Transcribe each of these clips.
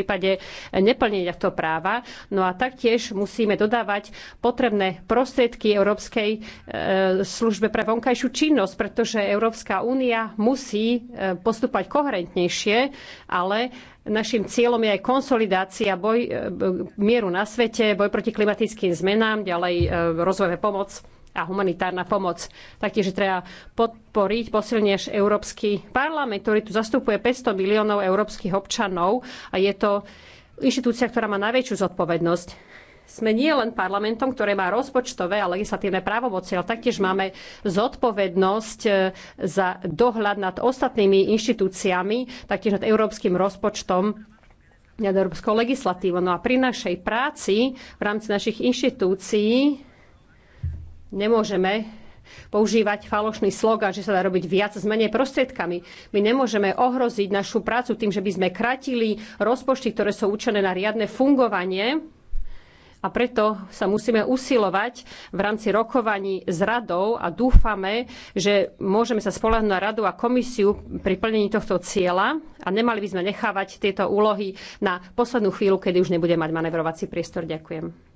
prípade neplnenia tohto práva. No a taktiež musíme dodávať potrebné prostriedky Európskej e, službe pre vonkajšiu činnosť, pretože Európska únia musí e, postúpať koherentnejšie, ale Našim cieľom je aj konsolidácia boj, e, mieru na svete, boj proti klimatickým zmenám, ďalej rozvojové pomoc a humanitárna pomoc. Taktiež treba podporiť posilneš Európsky parlament, ktorý tu zastupuje 500 miliónov európskych občanov a je to inštitúcia, ktorá má najväčšiu zodpovednosť. Sme nie len parlamentom, ktoré má rozpočtové a legislatívne právomoci, ale taktiež máme zodpovednosť e, za dohľad nad ostatnými inštitúciami, taktiež nad európskym rozpočtom nad európskou legislatívou. No a pri našej práci v rámci našich inštitúcií Nemôžeme používať falošný slogan, že sa dá robiť viac s menej prostriedkami. My nemôžeme ohroziť našu prácu tým, že by sme kratili rozpočty, ktoré sú určené na riadne fungovanie. A preto sa musíme usilovať v rámci rokovaní s radou a dúfame, že môžeme sa spolahnúť na radu a komisiu pri plnení tohto cieľa a nemali by sme nechávať tieto úlohy na poslednú chvíľu, kedy už nebude mať manevrovací priestor. Ďakujem.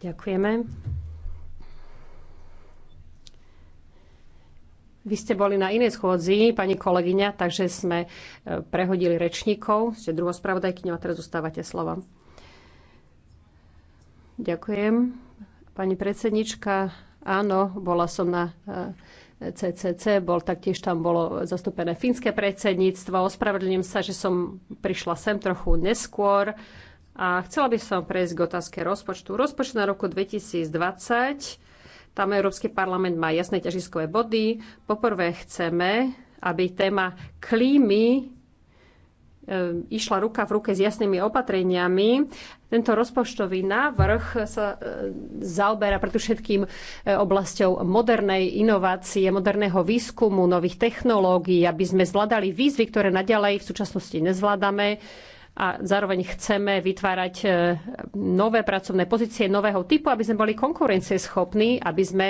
Ďakujeme. Vy ste boli na inej schôdzi, pani kolegyňa, takže sme e, prehodili rečníkov. Ste druhou spravodajkyňou a teraz zostávate slova. Ďakujem. Pani predsednička, áno, bola som na CCC, e, bol taktiež tam bolo zastúpené fínske predsedníctvo. Ospravedlňujem sa, že som prišla sem trochu neskôr. A chcela by som prejsť k otázke rozpočtu. Rozpočet na roku 2020, tam Európsky parlament má jasné ťažiskové body. Poprvé chceme, aby téma klímy e, išla ruka v ruke s jasnými opatreniami. Tento rozpočtový návrh sa e, zaoberá preto všetkým e, oblasťou modernej inovácie, moderného výskumu, nových technológií, aby sme zvládali výzvy, ktoré naďalej v súčasnosti nezvládame a zároveň chceme vytvárať e, nové pracovné pozície nového typu, aby sme boli konkurencieschopní, aby sme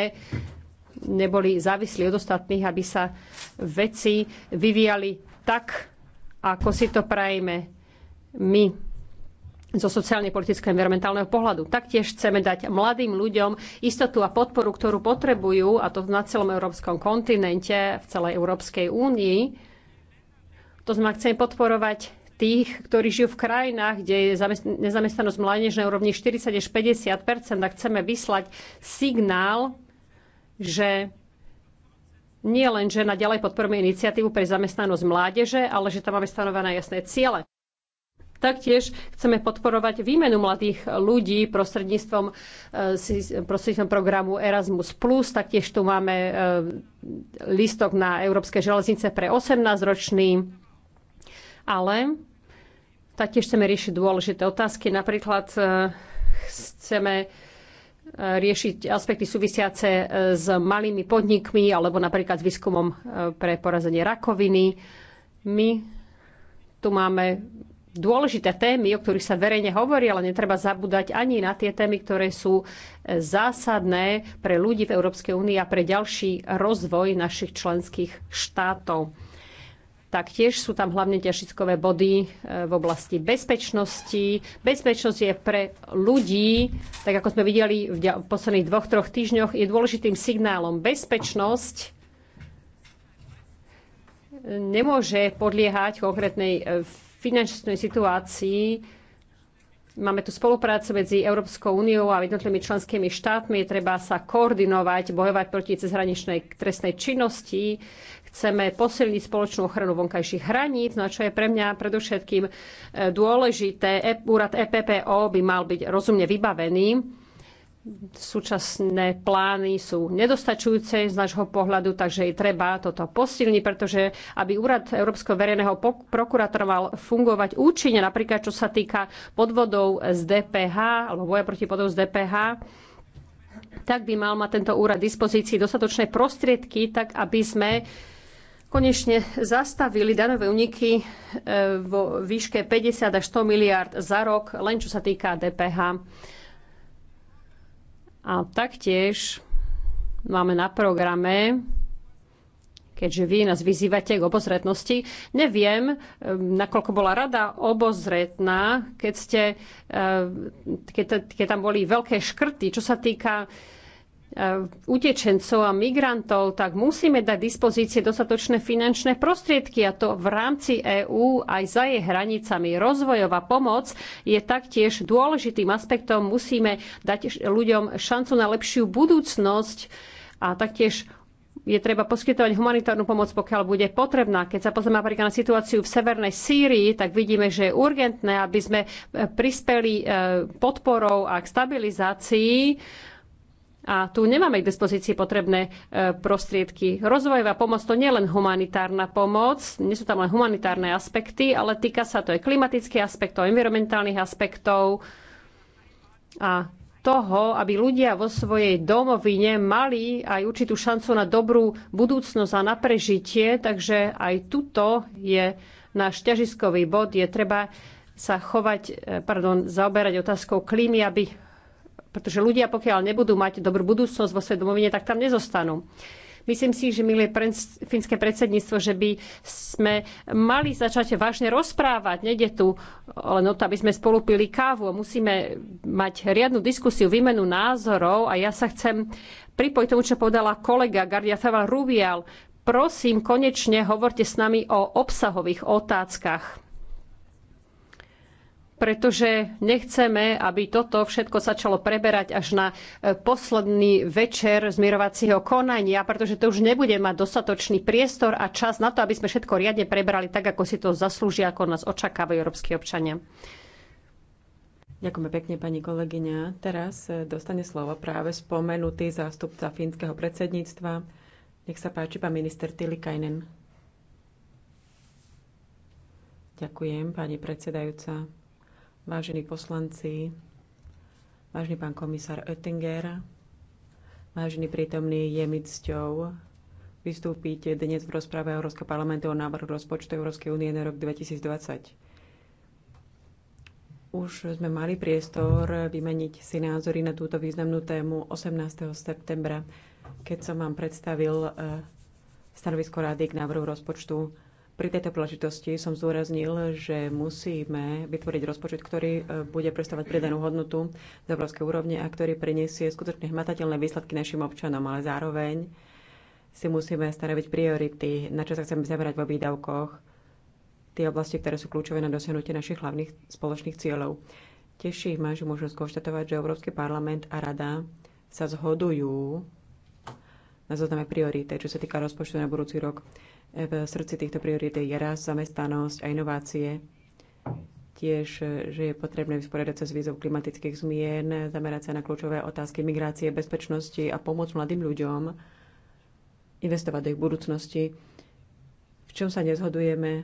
neboli závislí od ostatných, aby sa veci vyvíjali tak, ako si to prajeme my zo sociálne politického environmentálneho pohľadu. Taktiež chceme dať mladým ľuďom istotu a podporu, ktorú potrebujú, a to na celom európskom kontinente, v celej Európskej únii. To znamená, chceme podporovať tých, ktorí žijú v krajinách, kde je nezamestnanosť mládež na úrovni 40 až 50 a chceme vyslať signál, že nie len, že na ďalej podporujeme iniciatívu pre zamestnanosť mládeže, ale že tam máme stanovené jasné ciele. Taktiež chceme podporovať výmenu mladých ľudí prostredníctvom, e, prostredníctvom programu Erasmus+. Taktiež tu máme e, listok na Európske železnice pre 18-ročný. Ale Taktiež chceme riešiť dôležité otázky. Napríklad e, chceme e, riešiť aspekty súvisiace e, s malými podnikmi alebo napríklad s výskumom pre porazenie rakoviny. My tu máme dôležité témy, o ktorých sa verejne hovorí, ale netreba zabúdať ani na tie témy, ktoré sú zásadné pre ľudí v Európskej únii a pre ďalší rozvoj našich členských štátov. Taktiež sú tam hlavne ťažiskové body e, v oblasti bezpečnosti. Bezpečnosť je pre ľudí, tak ako sme videli v posledných dvoch, troch týždňoch, je dôležitým signálom. Bezpečnosť e, nemôže podliehať konkrétnej e, finančnej situácii, Máme tu spoluprácu medzi Európskou úniou a jednotlivými členskými štátmi. Treba sa koordinovať, bojovať proti cezhraničnej trestnej činnosti. Chceme posilniť spoločnú ochranu vonkajších hraníc, no čo je pre mňa predovšetkým eh, dôležité. E- úrad EPPO by mal byť rozumne vybavený súčasné plány sú nedostačujúce z nášho pohľadu, takže je treba toto posilniť, pretože aby úrad Európskeho verejného prokurátora mal fungovať účinne, napríklad čo sa týka podvodov z DPH alebo boja proti podvodov z DPH, tak by mal mať tento úrad dispozícii dostatočné prostriedky, tak aby sme konečne zastavili danové uniky e, vo výške 50 až 100 miliard za rok, len čo sa týka DPH. A taktiež máme na programe keďže vy nás vyzývate k obozretnosti. Neviem, e, nakoľko bola rada obozretná, keď, ste, e, keď, keď tam boli veľké škrty, čo sa týka E, utečencov a migrantov, tak musíme dať dispozície dostatočné finančné prostriedky a to v rámci EÚ aj za jej hranicami. Rozvojová pomoc je taktiež dôležitým aspektom. Musíme dať ľuďom šancu na lepšiu budúcnosť a taktiež je treba poskytovať humanitárnu pomoc, pokiaľ bude potrebná. Keď sa pozrieme napríklad na situáciu v severnej Sýrii, tak vidíme, že je urgentné, aby sme prispeli e, podporou a k stabilizácii a tu nemáme k dispozícii potrebné e, prostriedky. Rozvojová pomoc to nie je len humanitárna pomoc, nie sú tam len humanitárne aspekty, ale týka sa to aj klimatických aspektov, environmentálnych aspektov a toho, aby ľudia vo svojej domovine mali aj určitú šancu na dobrú budúcnosť a na prežitie. Takže aj tuto je náš ťažiskový bod. Je treba sa chovať, e, pardon, zaoberať otázkou klímy, aby pretože ľudia, pokiaľ nebudú mať dobrú budúcnosť vo svojej domovine, tak tam nezostanú. Myslím si, že milé finské predsedníctvo, že by sme mali začať vážne rozprávať. Nede tu len o to, aby sme spolu pili kávu. Musíme mať riadnu diskusiu, výmenu názorov a ja sa chcem pripojiť tomu, čo povedala kolega Gardia Rubial. Prosím, konečne hovorte s nami o obsahových otázkach pretože nechceme, aby toto všetko začalo preberať až na e, posledný večer zmierovacieho konania, pretože to už nebude mať dostatočný priestor a čas na to, aby sme všetko riadne prebrali tak, ako si to zaslúžia, ako nás očakávajú európsky občania. Ďakujeme pekne, pani kolegyňa. Teraz e, dostane slovo práve spomenutý zástupca fínskeho predsedníctva. Nech sa páči, pán minister Tilikainen. Ďakujem, pani predsedajúca vážení poslanci, vážený pán komisár Oettinger, vážení prítomní, je mi cťou vystúpiť dnes v rozprave Európskeho parlamentu o návrhu rozpočtu Európskej únie na rok 2020. Už sme mali priestor vymeniť si názory na túto významnú tému 18. septembra, keď som vám predstavil eh, stanovisko rady k návrhu rozpočtu pri tejto príležitosti som zdôraznil, že musíme vytvoriť rozpočet, ktorý e, bude predstavovať pridanú hodnotu z európskej úrovne a ktorý prinesie skutočne hmatateľné výsledky našim občanom, ale zároveň si musíme stanoviť priority, na čo sa chceme zamerať vo výdavkoch, tie oblasti, ktoré sú kľúčové na dosiahnutie našich hlavných spoločných cieľov. Teší ma, že môžem skonštatovať, že Európsky parlament a Rada sa zhodujú na zozname priority, čo sa týka rozpočtu na budúci rok. V srdci týchto priorít je rast, zamestnanosť a inovácie. Tiež, že je potrebné vysporiadať sa s výzov klimatických zmien, zamerať sa na kľúčové otázky migrácie, bezpečnosti a pomoc mladým ľuďom investovať do ich budúcnosti. V čom sa nezhodujeme,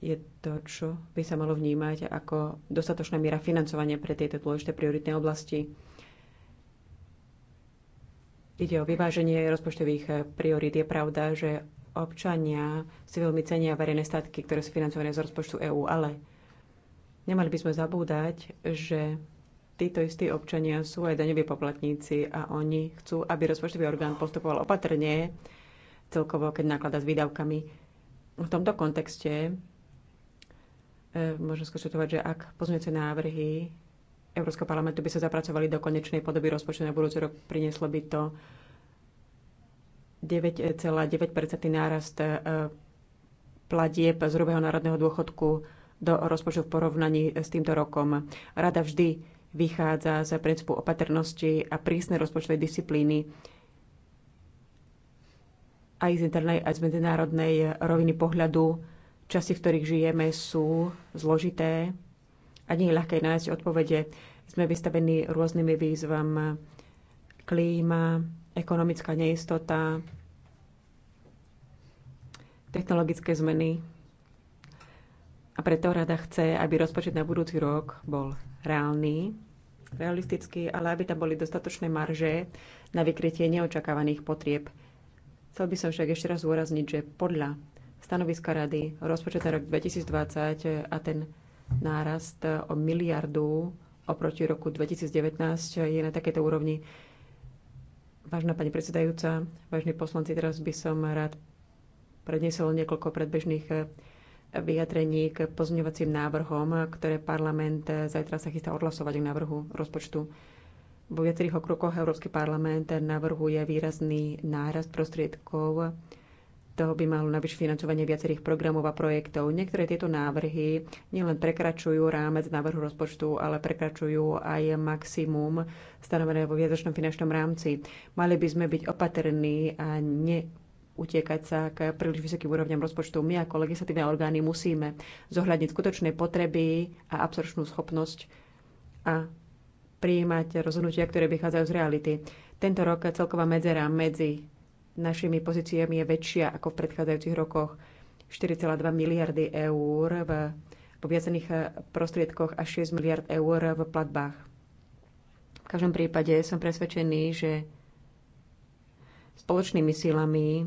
je to, čo by sa malo vnímať ako dostatočná miera financovania pre tieto dôležité prioritné oblasti. Ide o vyváženie rozpočtových priorít. Je pravda, že občania si veľmi cenia verejné statky, ktoré sú financované z rozpočtu EÚ, ale nemali by sme zabúdať, že títo istí občania sú aj daňoví poplatníci a oni chcú, aby rozpočtový orgán postupoval opatrne, celkovo keď naklada s výdavkami. V tomto kontexte e, môžem skonštatovať, že ak pozmeňujúce návrhy Európskeho parlamentu by sa zapracovali do konečnej podoby rozpočtu na budúci rok, prinieslo by to 9,9% nárast e, platieb z hrubého národného dôchodku do rozpočtu v porovnaní s týmto rokom. Rada vždy vychádza z princípu opatrnosti a prísnej rozpočtovej disciplíny aj z internej, aj z medzinárodnej roviny pohľadu. Časy, v ktorých žijeme, sú zložité a nie je ľahké nájsť odpovede. Sme vystavení rôznymi výzvam klíma, ekonomická neistota, technologické zmeny. A preto rada chce, aby rozpočet na budúci rok bol reálny, realistický, ale aby tam boli dostatočné marže na vykrytie neočakávaných potrieb. Chcel by som však ešte raz zúrazniť, že podľa stanoviska rady rozpočet na rok 2020 a ten nárast o miliardu oproti roku 2019 je na takéto úrovni Vážna pani predsedajúca, vážni poslanci, teraz by som rád predniesol niekoľko predbežných eh, vyjadrení k pozňovacím návrhom, ktoré parlament eh, zajtra sa chystá odhlasovať k návrhu rozpočtu. Vo viacerých okrokoch Európsky parlament navrhuje výrazný nárast prostriedkov toho by malo navyše financovanie viacerých programov a projektov. Niektoré tieto návrhy nielen prekračujú rámec návrhu rozpočtu, ale prekračujú aj maximum stanovené vo viacročnom finančnom rámci. Mali by sme byť opatrní a ne utiekať sa k príliš vysokým úrovňam rozpočtu. My ako legislatívne orgány musíme zohľadniť skutočné potreby a absorčnú schopnosť a prijímať rozhodnutia, ktoré vychádzajú z reality. Tento rok celková medzera medzi našimi pozíciami je väčšia ako v predchádzajúcich rokoch. 4,2 miliardy eur v poviazených eh, prostriedkoch a 6 miliard eur v platbách. V každom prípade som presvedčený, že spoločnými silami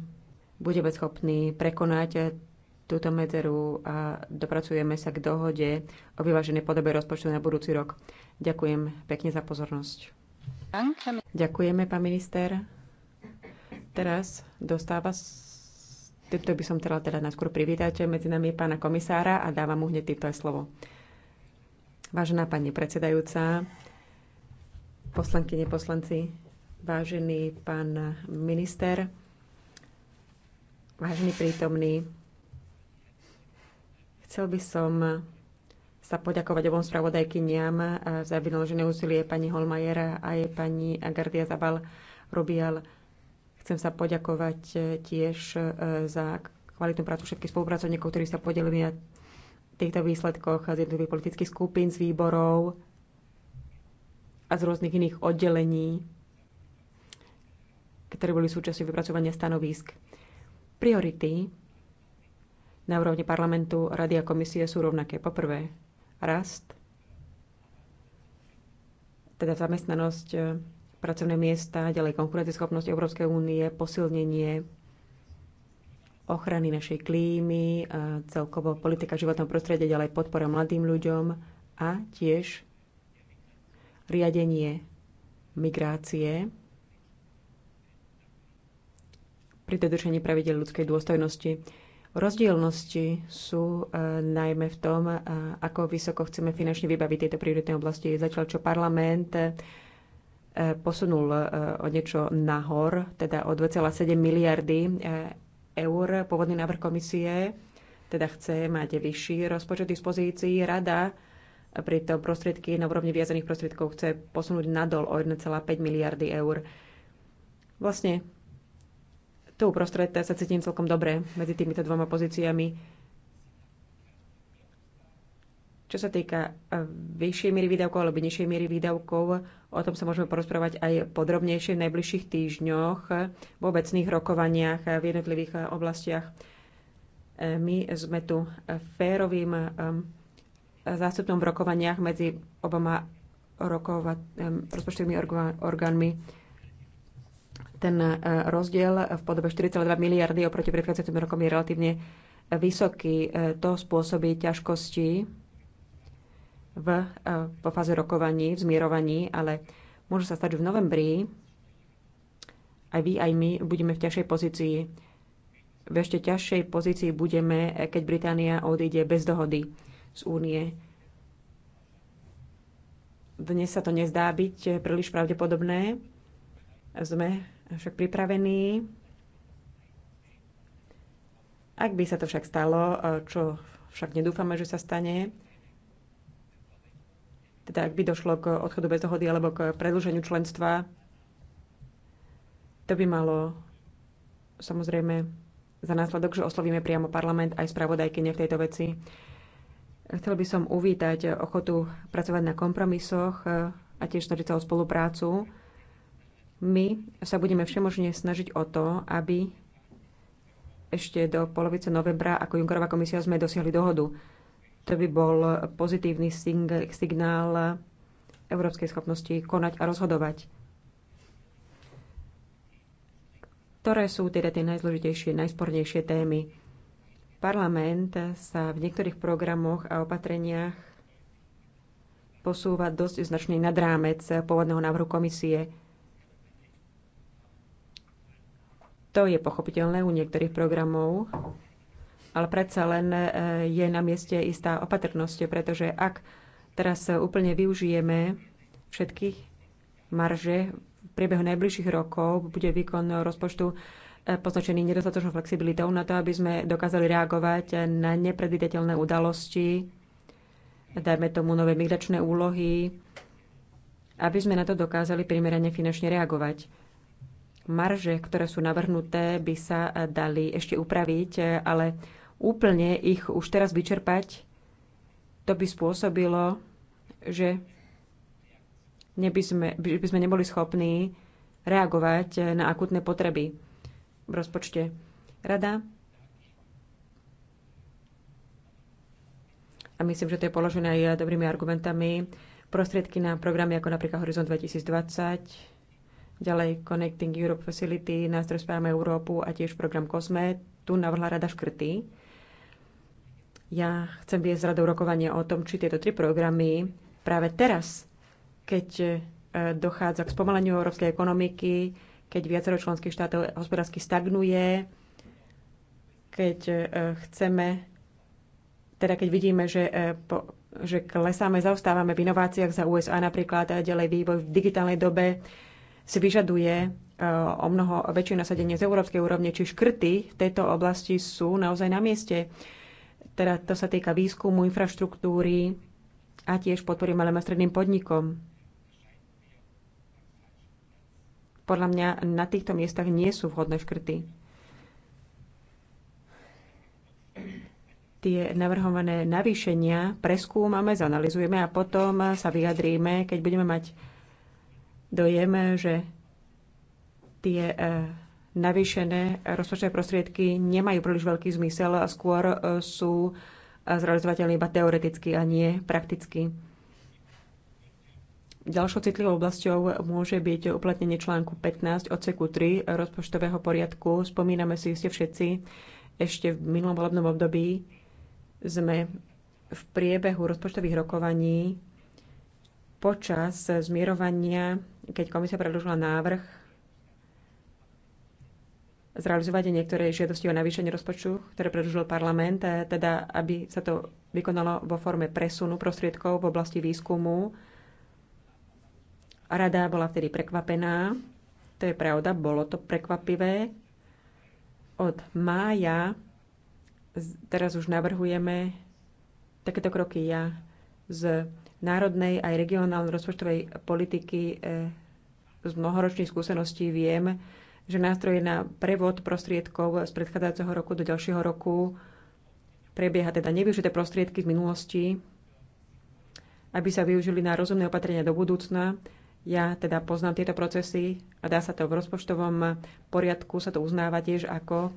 budeme schopní prekonať eh, túto medzeru a dopracujeme sa k dohode o vyváženej podobe rozpočtu na budúci rok. Ďakujem pekne za pozornosť. Ďakujeme, pán minister. Teraz dostáva, týmto by som chcela teda najskôr privítať medzi nami pána komisára a dávam mu hneď týto slovo. Vážená pani predsedajúca, poslanky, poslanci, vážený pán minister, vážený prítomný, chcel by som sa poďakovať obom spravodajkyniam eh, za vynaložené úsilie pani a aj pani Agardia Zabal Rubial. Chcem sa poďakovať e, tiež e, za kvalitnú prácu všetkých spolupracovníkov, ktorí sa podelili na týchto výsledkoch z jednotlivých politických skupín, z výborov a z rôznych iných oddelení, ktoré boli súčasťou vypracovania stanovísk. Priority na úrovni parlamentu, rady a komisie sú rovnaké. Poprvé, rast, teda zamestnanosť e, pracovné miesta, ďalej konkurencieschopnosť Európskej únie, posilnenie ochrany našej klímy, celkovo politika životného prostredia, ďalej podpora mladým ľuďom a tiež riadenie migrácie pri dodržení pravidel ľudskej dôstojnosti. Rozdielnosti sú e, najmä v tom, ako vysoko chceme finančne vybaviť tieto prioritné oblasti. Zatiaľ, čo parlament E, posunul e, o niečo nahor, teda o 2,7 miliardy e, eur. Pôvodný návrh komisie teda chce mať vyšší rozpočet dispozícií. Rada pri tom prostriedky na úrovni viazaných prostriedkov chce posunúť nadol o 1,5 miliardy eur. Vlastne tu prostredte sa cítim celkom dobre medzi týmito dvoma pozíciami čo sa týka eh, vyššej miery výdavkov alebo nižšej miery výdavkov, o tom sa môžeme porozprávať aj podrobnejšie v najbližších týždňoch v obecných rokovaniach v jednotlivých eh, oblastiach. Eh, my sme tu férovým zástupnom v rokovaniach medzi oboma rokova, rozpočtovými orgánmi. Ten rozdiel v podobe 4,2 miliardy oproti predchádzajúcim rokom je relatívne vysoký. To spôsobí ťažkosti v, po e, fáze rokovaní, v zmierovaní, ale môže sa stať, že v novembri aj vy, aj my budeme v ťažšej pozícii. V ešte ťažšej pozícii budeme, e, keď Británia odíde bez dohody z únie. Dnes sa to nezdá byť e, príliš pravdepodobné. Sme však pripravení. Ak by sa to však stalo, čo však nedúfame, že sa stane, teda ak by došlo k odchodu bez dohody alebo k predlženiu členstva, to by malo samozrejme za následok, že oslovíme priamo parlament aj spravodajkyne v tejto veci. Chcel by som uvítať ochotu pracovať na kompromisoch a tiež snažiť sa o spoluprácu. My sa budeme všemožne snažiť o to, aby ešte do polovice novembra ako Junkerová komisia sme dosiahli dohodu. To by bol pozitívny signál európskej schopnosti konať a rozhodovať. Ktoré sú teda tie najzložitejšie, najspornejšie témy? Parlament sa v niektorých programoch a opatreniach posúva dosť značný nad rámec pôvodného návrhu komisie. To je pochopiteľné u niektorých programov, ale predsa len e, je na mieste istá opatrnosť, pretože ak teraz úplne využijeme všetkých marže v priebehu najbližších rokov, bude výkon rozpočtu e, poznačený nedostatočnou flexibilitou na to, aby sme dokázali reagovať na nepredvídateľné udalosti, dajme tomu nové migračné úlohy, aby sme na to dokázali primerane finančne reagovať marže, ktoré sú navrhnuté, by sa dali ešte upraviť, ale úplne ich už teraz vyčerpať, to by spôsobilo, že neby sme, by sme neboli schopní reagovať na akutné potreby v rozpočte. Rada a myslím, že to je položené aj dobrými argumentami, prostriedky na programy ako napríklad Horizon 2020, ďalej Connecting Europe Facility, nástroj Spájame Európu a tiež program COSME. Tu navrhla rada škrty ja chcem viesť z radou rokovania o tom, či tieto tri programy práve teraz, keď e, dochádza k spomaleniu európskej ekonomiky, keď viacero členských štátov hospodársky stagnuje, keď e, chceme, teda keď vidíme, že, e, po, že klesáme, zaostávame v inováciách za USA napríklad a ďalej vývoj v digitálnej dobe si vyžaduje o mnoho väčšie nasadenie z európskej úrovne, či škrty v tejto oblasti sú naozaj na mieste. Teda to sa týka výskumu, infraštruktúry a tiež podpory malým a stredným podnikom. Podľa mňa na týchto miestach nie sú vhodné škrty. Tie navrhované navýšenia preskúmame, zanalizujeme a potom sa vyjadríme, keď budeme mať dojem, že tie eh, navýšené rozpočtové prostriedky nemajú príliš veľký zmysel a skôr e, sú e, zrealizovateľné iba teoreticky a nie prakticky. Ďalšou citlivou oblasťou môže byť uplatnenie článku 15 odseku 3 rozpočtového poriadku. Spomíname si ste všetci, ešte v minulom volebnom období sme v priebehu rozpočtových rokovaní počas zmierovania, keď komisia predložila návrh zrealizovať niektoré žiadosti o navýšenie rozpočtu, ktoré predložil parlament, eh, teda aby sa to vykonalo vo forme presunu prostriedkov v oblasti výskumu. Rada bola vtedy prekvapená, to je pravda, bolo to prekvapivé. Od mája teraz už navrhujeme takéto kroky ja z národnej aj regionálnej rozpočtovej politiky eh, z mnohoročných skúseností viem, že nástroje na prevod prostriedkov z predchádzajúceho roku do ďalšieho roku prebieha teda nevyužité prostriedky z minulosti, aby sa využili na rozumné opatrenia do budúcna. Ja teda poznám tieto procesy a dá sa to v rozpočtovom poriadku, sa to uznáva tiež ako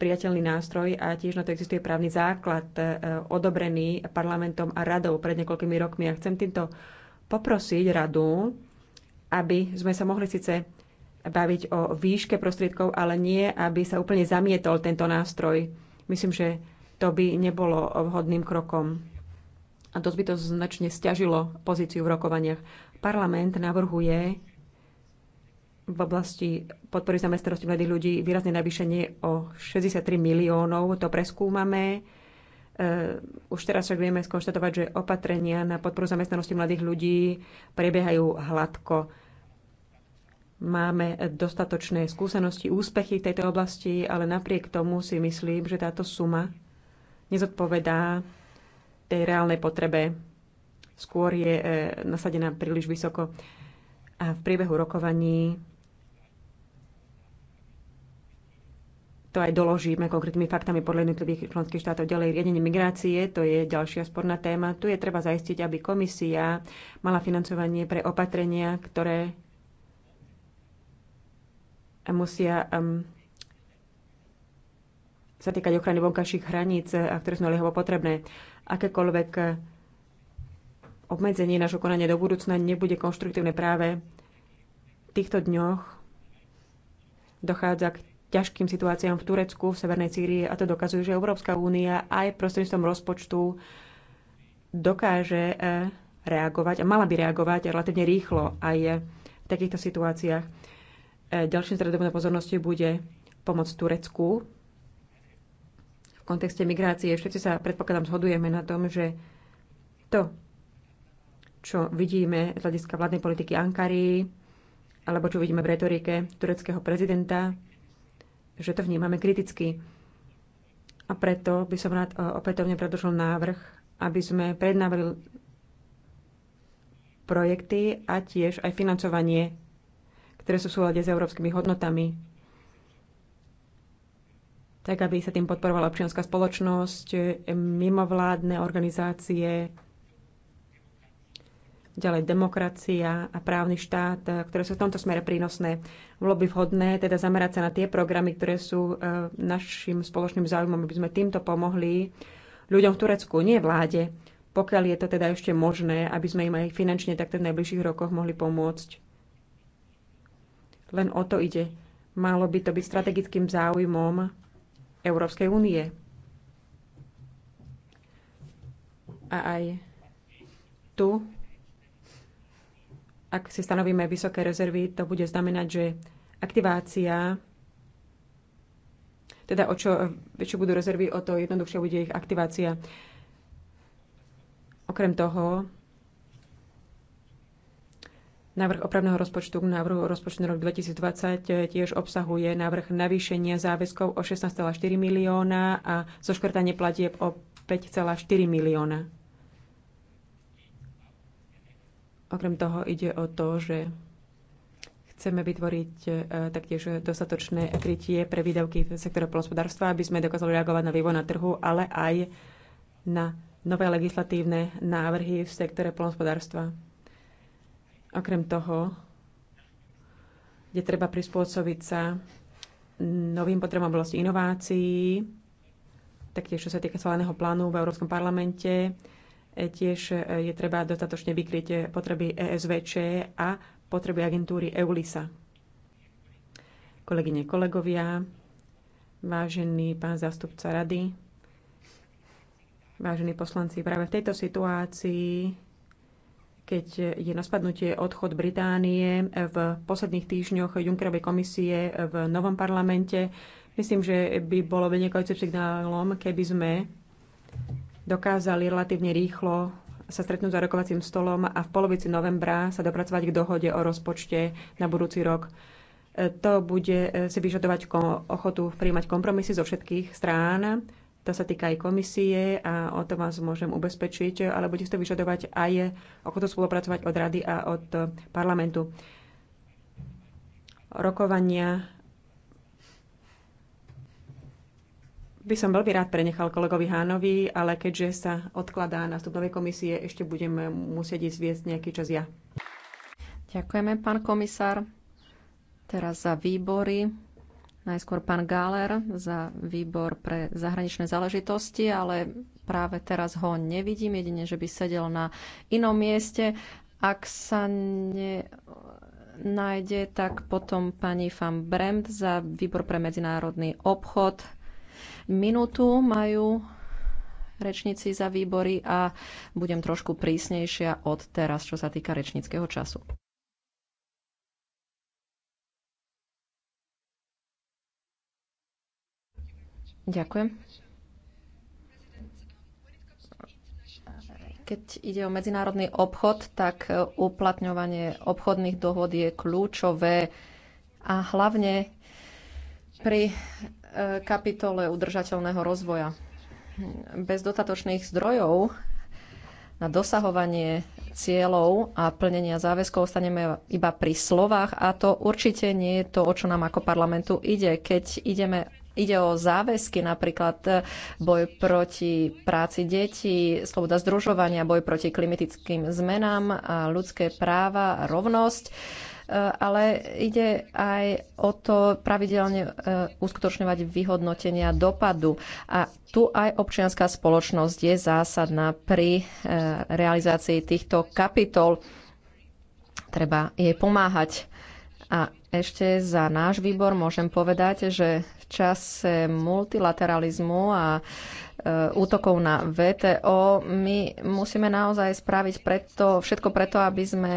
priateľný nástroj a tiež na to existuje právny základ e, odobrený parlamentom a radou pred niekoľkými rokmi. A chcem týmto poprosiť radu, aby sme sa mohli síce baviť o výške prostriedkov, ale nie, aby sa úplne zamietol tento nástroj. Myslím, že to by nebolo vhodným krokom. A dosť by to značne stiažilo pozíciu v rokovaniach. Parlament navrhuje v oblasti podpory zamestnanosti mladých ľudí výrazne navýšenie o 63 miliónov. To preskúmame. E, už teraz však vieme skonštatovať, že opatrenia na podporu zamestnanosti mladých ľudí prebiehajú hladko Máme dostatočné skúsenosti, úspechy v tejto oblasti, ale napriek tomu si myslím, že táto suma nezodpovedá tej reálnej potrebe. Skôr je e, nasadená príliš vysoko. A v priebehu rokovaní to aj doložíme konkrétnymi faktami podľa jednotlivých členských štátov. Ďalej riadenie migrácie, to je ďalšia sporná téma. Tu je treba zaistiť, aby komisia mala financovanie pre opatrenia, ktoré musia sa týkať ochrany vonkajších hraníc, eh, a ktoré sú naliehovo potrebné. Akékoľvek eh, obmedzenie nášho konania do budúcna nebude konštruktívne práve v týchto dňoch dochádza k ťažkým situáciám v Turecku, v Severnej Sýrii a to dokazuje, že Európska únia aj prostredníctvom rozpočtu dokáže eh, reagovať a mala by reagovať relatívne rýchlo aj v takýchto situáciách. E, ďalším stredom na pozornosti bude pomoc Turecku. V kontexte migrácie všetci sa predpokladám zhodujeme na tom, že to, čo vidíme z hľadiska vládnej politiky Ankary, alebo čo vidíme v retorike tureckého prezidenta, že to vnímame kriticky. A preto by som rád e, opätovne predložil návrh, aby sme prednávali projekty a tiež aj financovanie ktoré sú v súlade s európskymi hodnotami, tak aby sa tým podporovala občianská spoločnosť, mimovládne organizácie, ďalej demokracia a právny štát, ktoré sú v tomto smere prínosné. Bolo by vhodné teda zamerať sa na tie programy, ktoré sú e, našim spoločným záujmom, aby sme týmto pomohli ľuďom v Turecku, nie vláde, pokiaľ je to teda ešte možné, aby sme im aj finančne takto v najbližších rokoch mohli pomôcť. Len o to ide. Malo by to byť strategickým záujmom Európskej únie. A aj tu, ak si stanovíme vysoké rezervy, to bude znamenať, že aktivácia teda o čo väčšie budú rezervy, o to jednoduchšia bude ich aktivácia. Okrem toho, Návrh opravného rozpočtu k návrhu rozpočtu na rok 2020 eh, tiež obsahuje návrh navýšenia záväzkov o 16,4 milióna a zoškrtanie platieb o 5,4 milióna. Okrem toho ide o to, že chceme vytvoriť eh, taktiež dostatočné krytie pre výdavky sektora polospodárstva, aby sme dokázali reagovať na vývoj na trhu, ale aj na nové legislatívne návrhy v sektore polospodárstva. Okrem toho je treba prispôsobiť sa novým potrebám oblasti inovácií, taktiež čo sa týka celého plánu v Európskom parlamente, e, tiež e, je treba dostatočne vykryť e, potreby ESVČ a potreby agentúry EULISA. Kolegyne, kolegovia, vážený pán zástupca rady, vážení poslanci, práve v tejto situácii keď je na spadnutie odchod Británie v posledných týždňoch Junckerovej komisie v novom parlamente. Myslím, že by bolo vynikajúcim signálom, keby sme dokázali relatívne rýchlo sa stretnúť za rokovacím stolom a v polovici novembra sa dopracovať k dohode o rozpočte na budúci rok. To bude si vyžadovať ochotu príjmať kompromisy zo všetkých strán to sa týka aj komisie a o to vás môžem ubezpečiť, ale bude to vyžadovať aj ochotu spolupracovať od rady a od parlamentu. Rokovania by som veľmi rád prenechal kolegovi Hánovi, ale keďže sa odkladá nástup novej komisie, ešte budem musieť ísť viesť nejaký čas ja. Ďakujeme, pán komisár. Teraz za výbory najskôr pán Gáler za výbor pre zahraničné záležitosti, ale práve teraz ho nevidím, jedine, že by sedel na inom mieste. Ak sa ne, nájde, tak potom pani Van Bremt za výbor pre medzinárodný obchod. Minútu majú rečníci za výbory a budem trošku prísnejšia od teraz, čo sa týka rečníckého času. Ďakujem. Keď ide o medzinárodný obchod, tak e, uplatňovanie obchodných dohod je kľúčové a hlavne pri e, kapitole udržateľného rozvoja. Bez dotatočných zdrojov na dosahovanie cieľov a plnenia záväzkov ostaneme iba pri slovách a to určite nie je to, o čo nám ako parlamentu ide. Keď ideme Ide o záväzky, napríklad e, boj proti práci detí, sloboda združovania, boj proti klimatickým zmenám a ľudské práva a rovnosť e, ale ide aj o to pravidelne e, uskutočňovať vyhodnotenia dopadu. A tu aj občianská spoločnosť je zásadná pri realizácii týchto kapitol. Treba jej pomáhať. A ešte za náš výbor môžem povedať, že v čase multilateralizmu a e, útokov na VTO my musíme naozaj spraviť preto, všetko preto, aby sme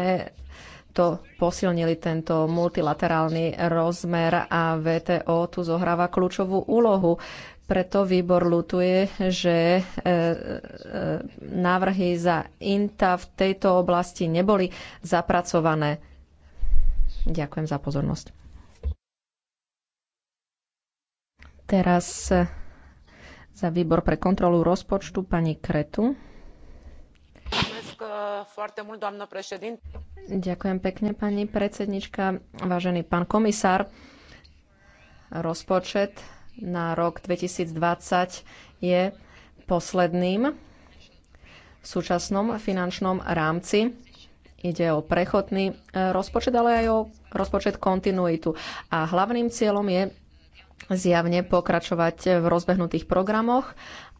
to posilnili tento multilaterálny rozmer a VTO tu zohráva kľúčovú úlohu. Preto výbor lutuje, že e, e, návrhy za INTA v tejto oblasti neboli zapracované Ďakujem za pozornosť. Teraz eh, za výbor pre kontrolu rozpočtu pani Kretu. Eh, Ďakujem pekne, pani predsednička. Vážený pán komisár, rozpočet na rok 2020 je posledným v súčasnom finančnom rámci Ide o prechodný e, rozpočet, ale aj o rozpočet kontinuitu. A hlavným cieľom je zjavne pokračovať v rozbehnutých programoch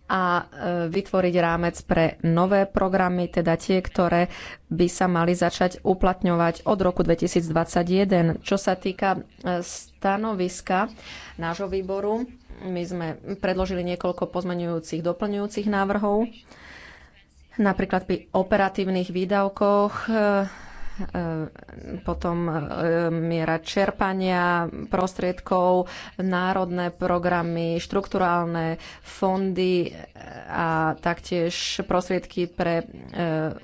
a e, vytvoriť rámec pre nové programy, teda tie, ktoré by sa mali začať uplatňovať od roku 2021. Čo sa týka e, stanoviska nášho výboru, my sme predložili niekoľko pozmenujúcich, doplňujúcich návrhov napríklad pri operatívnych výdavkoch, e, e, potom e, miera čerpania prostriedkov, národné programy, štrukturálne fondy a taktiež prostriedky pre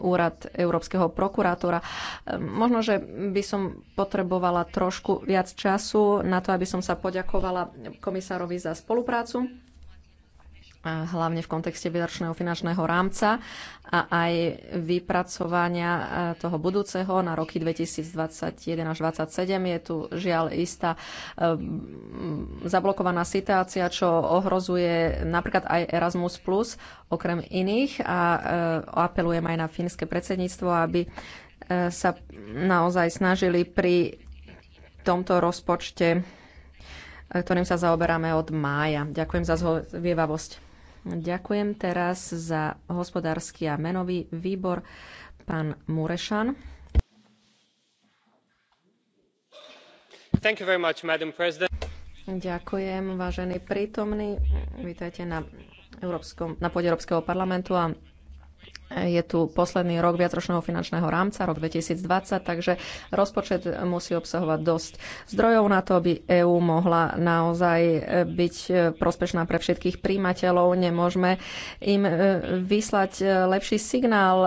úrad Európskeho prokurátora. Možno, že by som potrebovala trošku viac času na to, aby som sa poďakovala komisárovi za spoluprácu hlavne v kontexte výročného finančného rámca a aj vypracovania e, toho budúceho na roky 2021 až 2027. Je tu žiaľ istá e, zablokovaná situácia, čo ohrozuje napríklad aj Erasmus+, okrem iných a e, apelujem aj na fínske predsedníctvo, aby sa naozaj snažili pri tomto rozpočte, ktorým sa zaoberáme od mája. Ďakujem za zhovievavosť. Ďakujem teraz za hospodársky a menový výbor pán Murešan. Thank you very much, Madam President. Ďakujem, vážený prítomný. Vítajte na, Európskom, na pôde Európskeho parlamentu a je tu posledný rok viacročného finančného rámca, rok 2020, takže rozpočet musí obsahovať dosť zdrojov na to, aby EÚ mohla naozaj byť prospešná pre všetkých príjimateľov. Nemôžeme im e, vyslať e, lepší signál.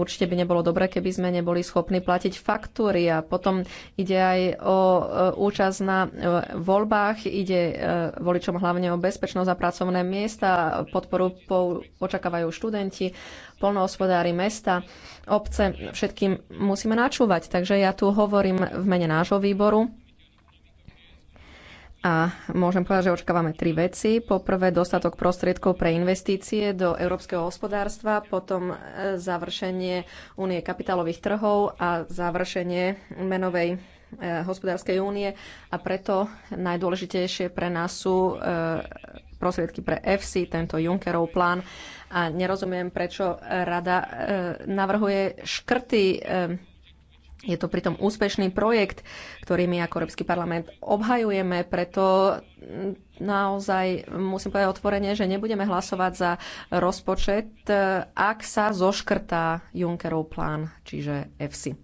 Určite by nebolo dobre, keby sme neboli schopní platiť faktúry a potom ide aj o e, účasť na voľbách, ide voličom hlavne o bezpečnosť a pracovné miesta, podporu po, očakávajú študenti, polnohospodári mesta, obce, všetkým musíme načúvať. Takže ja tu hovorím v mene nášho výboru. A môžem povedať, že očakávame tri veci. Poprvé dostatok prostriedkov pre investície do európskeho hospodárstva, potom e, završenie únie kapitálových trhov a završenie menovej E, hospodárskej únie a preto najdôležitejšie pre nás sú e, prostriedky pre EFSI, tento Junckerov plán a nerozumiem, prečo rada e, navrhuje škrty je to pritom úspešný projekt, ktorý my ako Európsky parlament obhajujeme, preto naozaj musím povedať otvorene, že nebudeme hlasovať za rozpočet, ak sa zoškrtá Junckerov plán, čiže EFSI.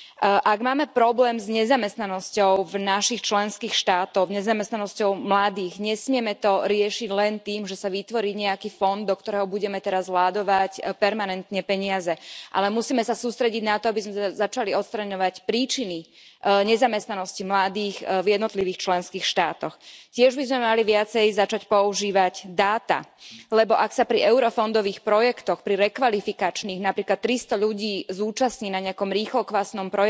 ak máme problém s nezamestnanosťou v našich členských štátoch nezamestnanosťou mladých nesmieme to riešiť len tým že sa vytvorí nejaký fond do ktorého budeme teraz ľadovať eh, permanentne peniaze ale musíme sa sústrediť na to aby sme začali odstraňovať príčiny eh, nezamestnanosti mladých eh, v jednotlivých členských štátoch. tiež by sme mali viacej začať používať dáta lebo ak sa pri eurofondových projektoch pri rekvalifikačných napríklad tristo ľudí zúčastní na nejakom rýchlokvasnom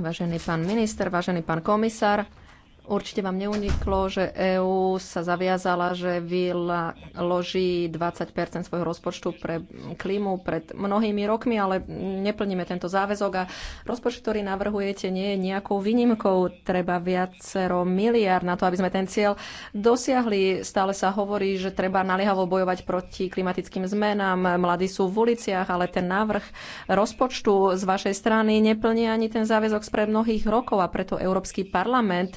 Vážený pán minister, vážený pán komisár, Určite vám neuniklo, že EÚ sa zaviazala, že vyloží 20 svojho rozpočtu pre klímu pred mnohými rokmi, ale neplníme tento záväzok a rozpočet, ktorý navrhujete, nie je nejakou výnimkou. Treba viacero miliard na to, aby sme ten cieľ dosiahli. Stále sa hovorí, že treba naliehavo bojovať proti klimatickým zmenám. Mladí sú v uliciach, ale ten návrh rozpočtu z vašej strany neplní ani ten záväzok spred mnohých rokov a preto Európsky parlament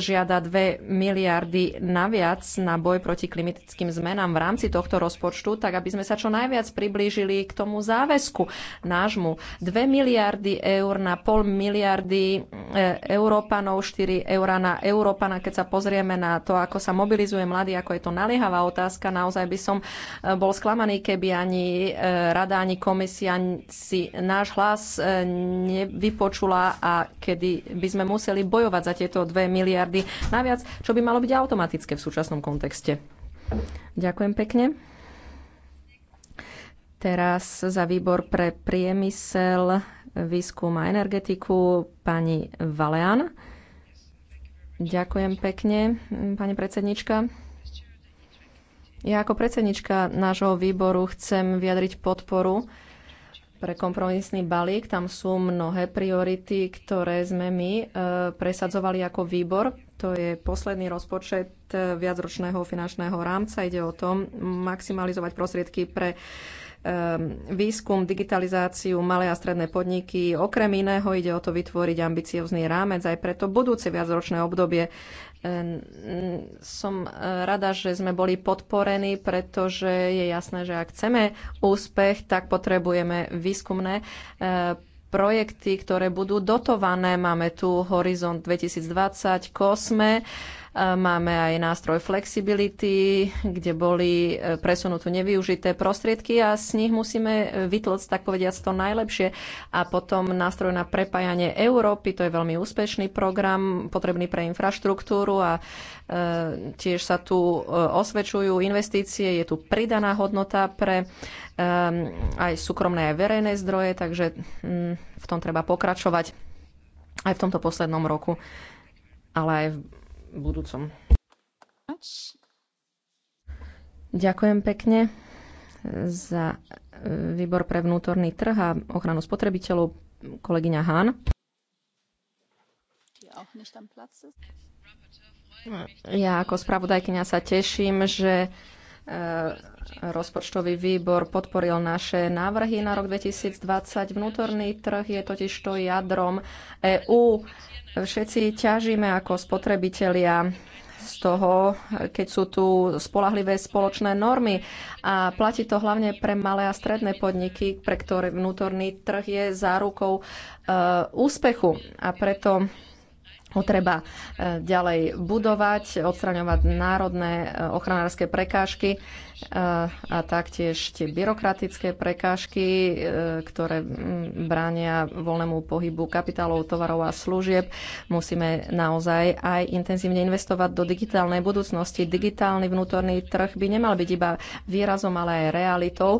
žiada 2 miliardy naviac na boj proti klimatickým zmenám v rámci tohto rozpočtu, tak aby sme sa čo najviac priblížili k tomu záväzku nášmu. 2 miliardy eur na pol miliardy e, Európanov, 4 eur na Európana. Keď sa pozrieme na to, ako sa mobilizuje mladý, ako je to naliehavá otázka, naozaj by som e, bol sklamaný, keby ani e, rada, ani komisia si náš hlas nevypočula a kedy by sme museli bojovať za tieto 2 miliardy miliardy naviac, čo by malo byť automatické v súčasnom kontexte. Ďakujem pekne. Teraz za výbor pre priemysel, výskum a energetiku pani Valean. Ďakujem pekne, pani predsednička. Ja ako predsednička nášho výboru chcem vyjadriť podporu pre kompromisný balík. Tam sú mnohé priority, ktoré sme my e, presadzovali ako výbor. To je posledný rozpočet e, viacročného finančného rámca. Ide o tom maximalizovať prostriedky pre Ehm, výskum, digitalizáciu, malé a stredné podniky. Okrem iného ide o to vytvoriť ambiciozný rámec aj preto budúce viacročné obdobie. Ehm, som e, rada, že sme boli podporení, pretože je jasné, že ak chceme úspech, tak potrebujeme výskumné e, projekty, ktoré budú dotované. Máme tu Horizont 2020, Kosme Máme aj nástroj flexibility, kde boli e, presunuté nevyužité prostriedky a z nich musíme vytlocť, tak povediať, to najlepšie. A potom nástroj na prepájanie Európy, to je veľmi úspešný program, potrebný pre infraštruktúru a e, tiež sa tu e, osvečujú investície, je tu pridaná hodnota pre aj súkromné, aj verejné zdroje, takže mm, v tom treba pokračovať aj v tomto poslednom roku, ale aj budúcom. Ďakujem pekne za e, výbor pre vnútorný trh a ochranu spotrebiteľov kolegyňa Hán. Ja ako spravodajkyňa sa teším, že e, rozpočtový výbor podporil naše návrhy na rok 2020. Vnútorný trh je totiž to jadrom EÚ Všetci ťažíme ako spotrebitelia z toho, keď sú tu spolahlivé spoločné normy. A platí to hlavne pre malé a stredné podniky, pre ktoré vnútorný trh je zárukou e, úspechu. A preto ho treba e, ďalej budovať, odstraňovať národné e, ochranárske prekážky e, a taktiež tie byrokratické prekážky, ktoré bránia voľnému pohybu kapitálov, tovarov a služieb. Musíme naozaj aj intenzívne investovať do digitálnej budúcnosti. Digitálny vnútorný trh by nemal byť iba výrazom, ale aj realitou.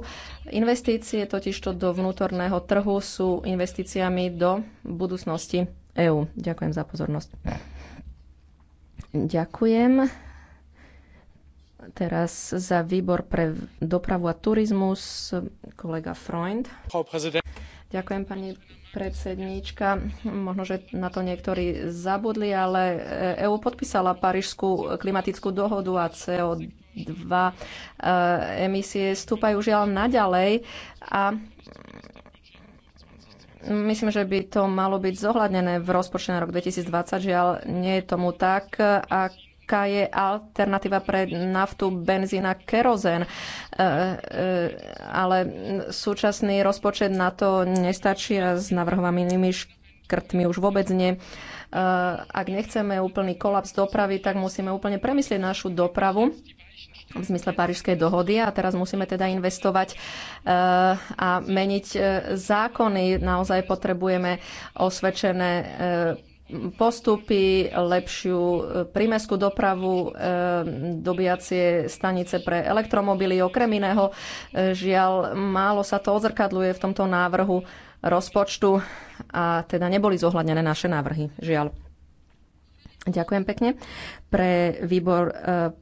Investície totižto do vnútorného trhu sú investíciami do budúcnosti EÚ. Ďakujem za pozornosť. Ďakujem. Teraz za výbor pre dopravu a turizmus kolega Freund. Ďakujem pani predsedníčka. Možno, že na to niektorí zabudli, ale EÚ e podpísala Parížskú klimatickú dohodu a CO2 e, emisie stúpajú žiaľ naďalej a Myslím, že by to malo byť zohľadnené v rozpočte na rok 2020. Žiaľ, nie je tomu tak. A aká je alternatíva pre naftu, benzína kerozén. E, e, ale súčasný rozpočet na to nestačí a s navrhovanými škrtmi už vôbec nie. E, ak nechceme úplný kolaps dopravy, tak musíme úplne premyslieť našu dopravu v zmysle Parížskej dohody a teraz musíme teda investovať eh, a meniť eh, zákony. Naozaj potrebujeme osvedčené eh, postupy, lepšiu prímeskú dopravu, dobiacie stanice pre elektromobily. Okrem iného, žiaľ, málo sa to odzrkadluje v tomto návrhu rozpočtu a teda neboli zohľadnené naše návrhy. Žiaľ. Ďakujem pekne. Pre výbor e,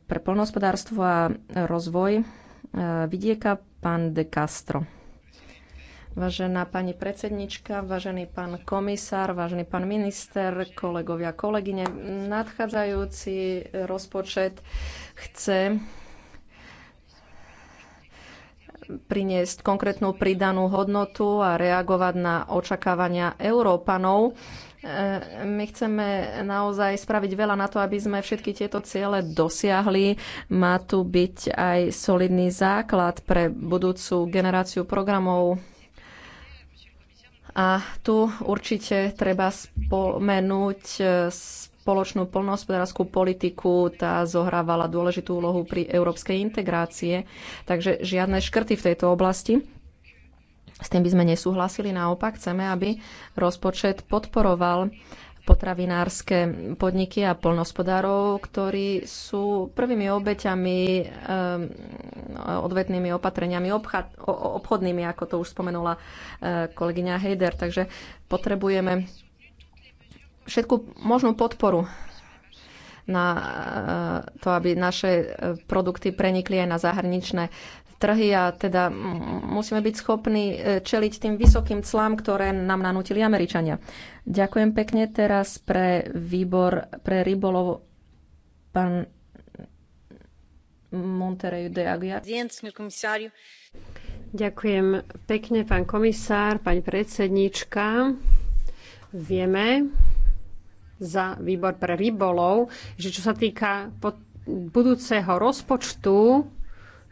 pre polnohospodárstvo a rozvoj e, vidieka pán De Castro. Vážená pani predsednička, vážený pán komisár, vážený pán minister, kolegovia, kolegyne, nadchádzajúci rozpočet chce priniesť konkrétnu pridanú hodnotu a reagovať na očakávania Európanov E, my chceme naozaj spraviť veľa na to, aby sme všetky tieto ciele dosiahli. Má tu byť aj solidný základ pre budúcu generáciu programov. A tu určite treba spomenúť e, spoločnú polnohospodárskú politiku, tá zohrávala dôležitú úlohu pri európskej integrácie, takže žiadne škrty v tejto oblasti. S tým by sme nesúhlasili, naopak chceme, aby rozpočet podporoval potravinárske podniky a polnospodárov, ktorí sú prvými obeťami eh, odvetnými opatreniami obchodnými, ako to už spomenula eh, kolegyňa Heider. Takže potrebujeme všetku možnú podporu na eh, to, aby naše produkty prenikli aj na zahraničné trhy a teda musíme byť schopní e, čeliť tým vysokým clám, ktoré nám nanútili Američania. Ďakujem pekne teraz pre výbor pre rybolov pán Monterey de Aguiar. Ďakujem pekne, pán komisár, pani predsednička. Vieme za výbor pre rybolov, že čo sa týka budúceho rozpočtu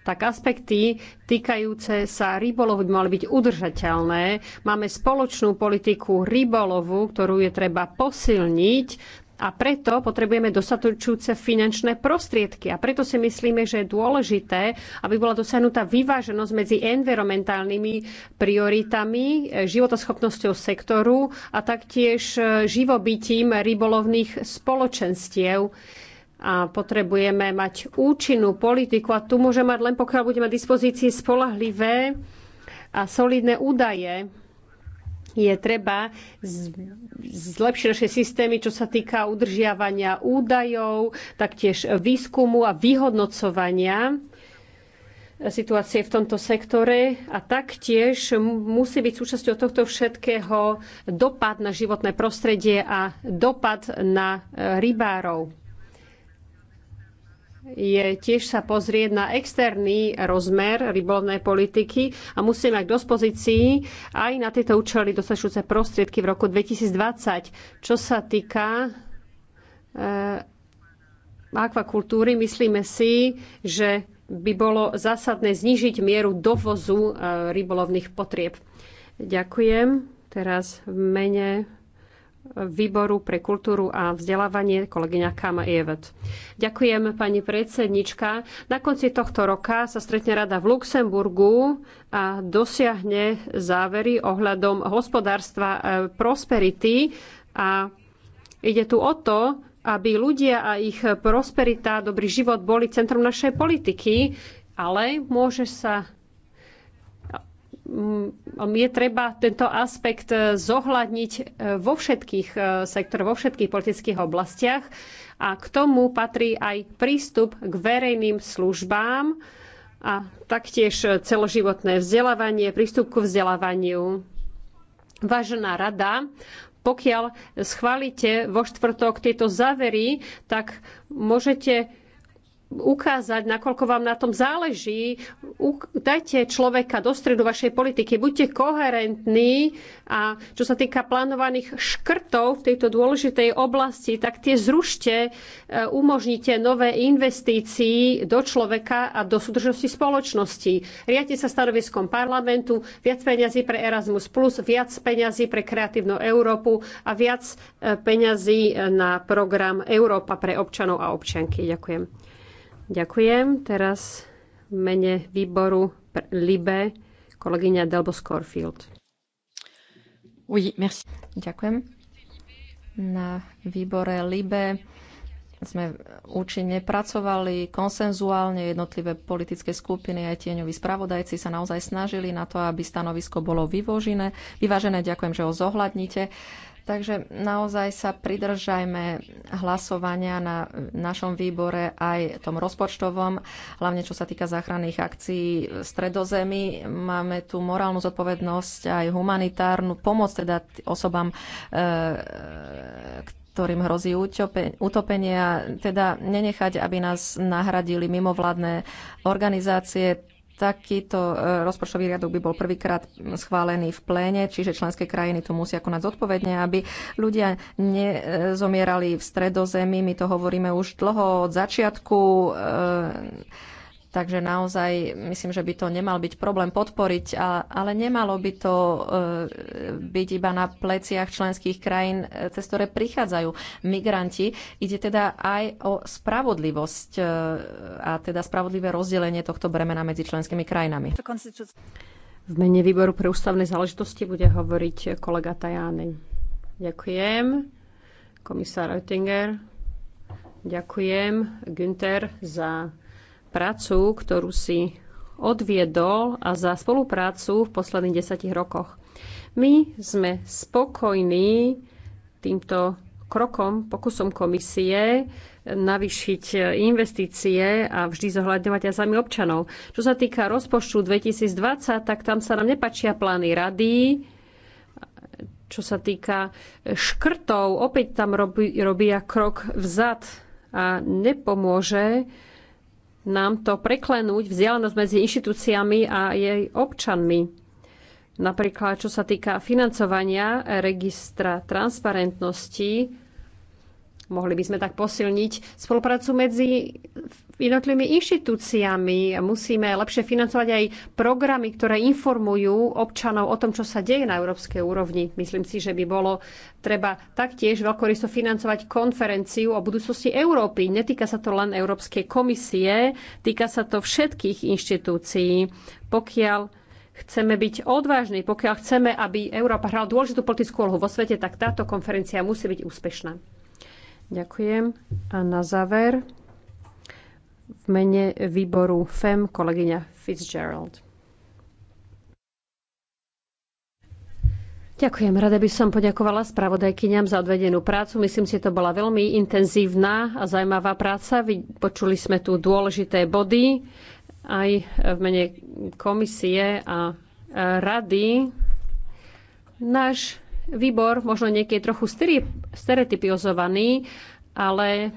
tak aspekty týkajúce sa rybolovu by mali byť udržateľné. Máme spoločnú politiku rybolovu, ktorú je treba posilniť a preto potrebujeme dostatočujúce finančné prostriedky. A preto si myslíme, že je dôležité, aby bola dosiahnutá vyváženosť medzi environmentálnymi prioritami, životoschopnosťou sektoru a taktiež živobytím rybolovných spoločenstiev a potrebujeme mať účinnú politiku a tu môže mať len pokiaľ budeme mať dispozícii spolahlivé a solidné údaje. Je treba zlepšiť naše systémy, čo sa týka udržiavania údajov, taktiež výskumu a vyhodnocovania situácie v tomto sektore a taktiež musí byť súčasťou tohto všetkého dopad na životné prostredie a dopad na e, rybárov je tiež sa pozrieť na externý rozmer rybolovnej politiky a musíme mať k dispozícii aj na tieto účely dostačujúce prostriedky v roku 2020. Čo sa týka e, akvakultúry, myslíme si, že by bolo zásadné znižiť mieru dovozu e, rybolovných potrieb. Ďakujem. Teraz v mene výboru pre kultúru a vzdelávanie, kolegyňa Kama Ievet. Ďakujem, pani predsednička. Na konci tohto roka sa stretne rada v Luxemburgu a dosiahne závery ohľadom hospodárstva e, prosperity a ide tu o to, aby ľudia a ich prosperita, dobrý život boli centrom našej politiky, ale môže sa Mm, je treba tento aspekt e, zohľadniť e, vo všetkých e, sektoroch, vo všetkých politických oblastiach a k tomu patrí aj prístup k verejným službám a taktiež celoživotné vzdelávanie, prístup k vzdelávaniu. Vážená rada, pokiaľ schválite vo štvrtok tieto závery, tak môžete ukázať, nakoľko vám na tom záleží. Dajte človeka do stredu vašej politiky, buďte koherentní a čo sa týka plánovaných škrtov v tejto dôležitej oblasti, tak tie zrušte, e, umožnite nové investícii do človeka a do súdržnosti spoločnosti. Riadte sa stanoviskom parlamentu, viac peňazí pre Erasmus+, viac peňazí pre kreatívnu Európu a viac e, peňazí e, na program Európa pre občanov a občianky. Ďakujem. Ďakujem. Teraz v mene výboru LIBE kolegyňa Delbo Scorfield. Oui, merci. Ďakujem. Na výbore LIBE sme účinne pracovali konsenzuálne, jednotlivé politické skupiny aj tieňoví spravodajci sa naozaj snažili na to, aby stanovisko bolo vyvožené. Vyvážené, ďakujem, že ho zohľadnite. Takže naozaj sa pridržajme hlasovania na našom výbore aj tom rozpočtovom, hlavne čo sa týka záchranných akcií v stredozemi. Máme tu morálnu zodpovednosť aj humanitárnu pomoc teda osobám, e, ktorým hrozí utopenie a teda nenechať, aby nás nahradili mimovládne organizácie Takýto e, rozpočtový riadok by bol prvýkrát schválený v pléne, čiže členské krajiny tu musia konať zodpovedne, aby ľudia nezomierali v stredozemi. My to hovoríme už dlho od začiatku e, Takže naozaj myslím, že by to nemal byť problém podporiť, a, ale nemalo by to e, byť iba na pleciach členských krajín, e, cez ktoré prichádzajú migranti. Ide teda aj o spravodlivosť e, a teda spravodlivé rozdelenie tohto bremena medzi členskými krajinami. V mene výboru pre ústavné záležitosti bude hovoriť kolega Tajány. Ďakujem. Komisár Oettinger. Ďakujem, Günther, za prácu, ktorú si odviedol a za spoluprácu v posledných desiatich rokoch. My sme spokojní týmto krokom, pokusom komisie navýšiť investície a vždy zohľadňovať aj sami občanov. Čo sa týka rozpočtu 2020, tak tam sa nám nepačia plány rady. Čo sa týka škrtov, opäť tam robí, robia krok vzad a nepomôže nám to preklenúť vzdialenosť medzi inštitúciami a jej občanmi. Napríklad, čo sa týka financovania registra transparentnosti, Mohli by sme tak posilniť spoluprácu medzi jednotlivými inštitúciami. Musíme lepšie financovať aj programy, ktoré informujú občanov o tom, čo sa deje na európskej úrovni. Myslím si, že by bolo treba taktiež veľkoryso financovať konferenciu o budúcnosti Európy. Netýka sa to len Európskej komisie, týka sa to všetkých inštitúcií. Pokiaľ chceme byť odvážni, pokiaľ chceme, aby Európa hrala dôležitú politickú úlohu vo svete, tak táto konferencia musí byť úspešná. Ďakujem. A na záver v mene výboru FEM kolegyňa Fitzgerald. Ďakujem. Rada by som poďakovala spravodajkyňam za odvedenú prácu. Myslím si, že to bola veľmi intenzívna a zaujímavá práca. Počuli sme tu dôležité body aj v mene komisie a rady. Náš výbor možno niekedy trochu stereotypizovaný, ale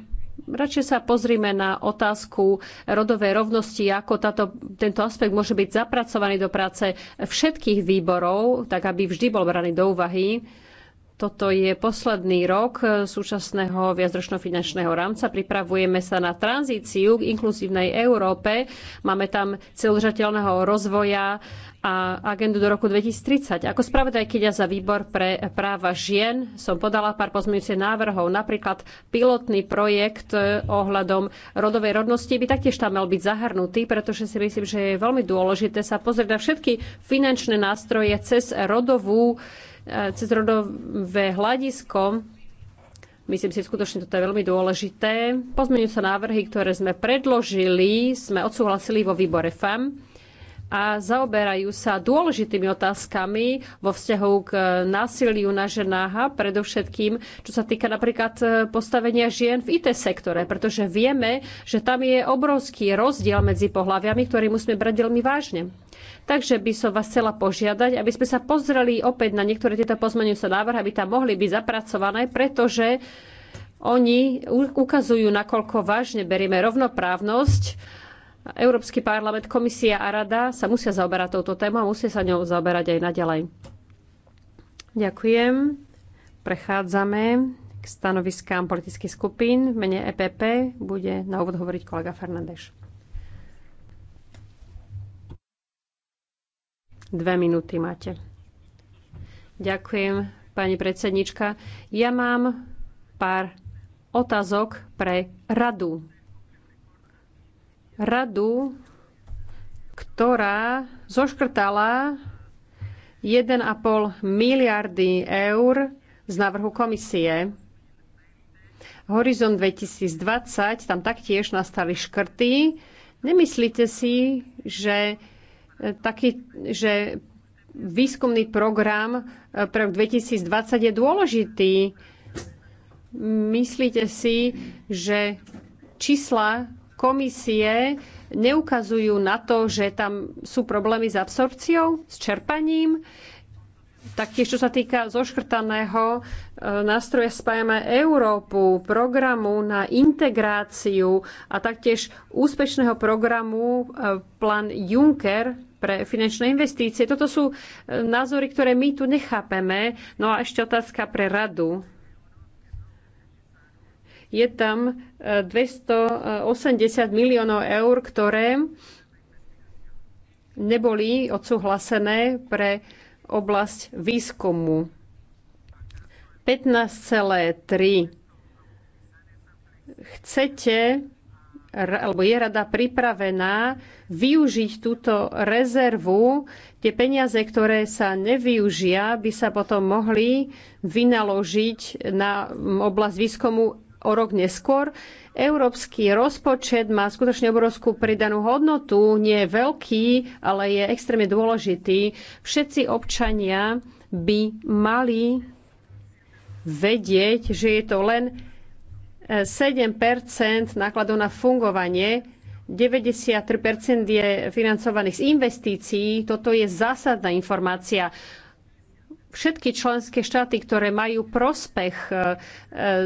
radšej sa pozrime na otázku rodovej rovnosti, ako táto, tento aspekt môže byť zapracovaný do práce všetkých výborov, tak aby vždy bol braný do úvahy. Toto je posledný rok súčasného viacročno finančného rámca. Pripravujeme sa na tranzíciu k inkluzívnej Európe. Máme tam celožateľného rozvoja a agendu do roku 2030. Ako spravodajkyňa za výbor pre práva žien som podala pár pozmeňujúcich návrhov. Napríklad pilotný projekt ohľadom rodovej rodnosti by taktiež tam mal byť zahrnutý, pretože si myslím, že je veľmi dôležité sa pozrieť na všetky finančné nástroje cez rodovú cez rodové hľadisko. Myslím si, skutočne toto je veľmi dôležité. sa návrhy, ktoré sme predložili, sme odsúhlasili vo výbore FAM a zaoberajú sa dôležitými otázkami vo vzťahu k násiliu na ženách a predovšetkým, čo sa týka napríklad e, postavenia žien v IT sektore, pretože vieme, že tam je obrovský rozdiel medzi pohľaviami, ktorý musíme brať veľmi vážne. Takže by som vás chcela požiadať, aby sme sa pozreli opäť na niektoré tieto sa návrhy, aby tam mohli byť zapracované, pretože oni ukazujú, nakoľko vážne berieme rovnoprávnosť. Európsky parlament, komisia a rada sa musia zaoberať touto témou a musia sa ňou zaoberať aj naďalej. Ďakujem. Prechádzame k stanoviskám politických skupín. V mene EPP bude na úvod hovoriť kolega Fernández. Dve minúty máte. Ďakujem, pani predsednička. Ja mám pár otázok pre radu. Radu, ktorá zoškrtala 1,5 miliardy eur z návrhu komisie. Horizont 2020, tam taktiež nastali škrty. Nemyslíte si, že E, taký, že výskumný program e, pre 2020 je dôležitý. Myslíte si, že čísla komisie neukazujú na to, že tam sú problémy s absorpciou, s čerpaním? Taktiež, čo sa týka zoškrtaného e, nástroja Spájame Európu, programu na integráciu a taktiež úspešného programu e, Plán Juncker pre finančné investície. Toto sú e, názory, ktoré my tu nechápeme. No a ešte otázka pre radu. Je tam 280 miliónov eur, ktoré neboli odsúhlasené pre oblasť výskumu. 15,3. Chcete, alebo je rada pripravená využiť túto rezervu. Tie peniaze, ktoré sa nevyužia, by sa potom mohli vynaložiť na oblasť výskumu o rok neskôr. Európsky rozpočet má skutočne obrovskú pridanú hodnotu, nie je veľký, ale je extrémne dôležitý. Všetci občania by mali vedieť, že je to len 7 e, nákladov na fungovanie 93% je financovaných z investícií. Toto je zásadná informácia všetky členské štáty, ktoré majú prospech e, e,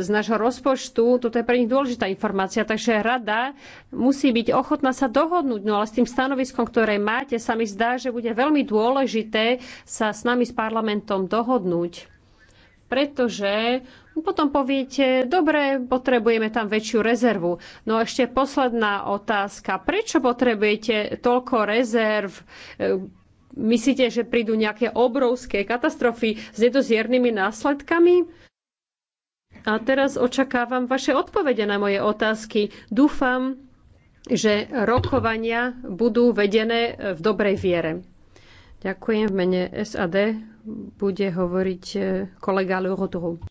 z nášho rozpočtu, toto je pre nich dôležitá informácia, takže rada musí byť ochotná sa dohodnúť. No ale s tým stanoviskom, ktoré máte, sa mi zdá, že bude veľmi dôležité sa s nami, s parlamentom dohodnúť. Pretože potom poviete, dobre, potrebujeme tam väčšiu rezervu. No a ešte posledná otázka. Prečo potrebujete toľko rezerv? E, Myslíte, že prídu nejaké obrovské katastrofy s nedoziernými následkami? A teraz očakávam vaše odpovede na moje otázky. Dúfam, že rokovania budú vedené v dobrej viere. Ďakujem. V mene SAD bude hovoriť eh, kolega Lerotohu.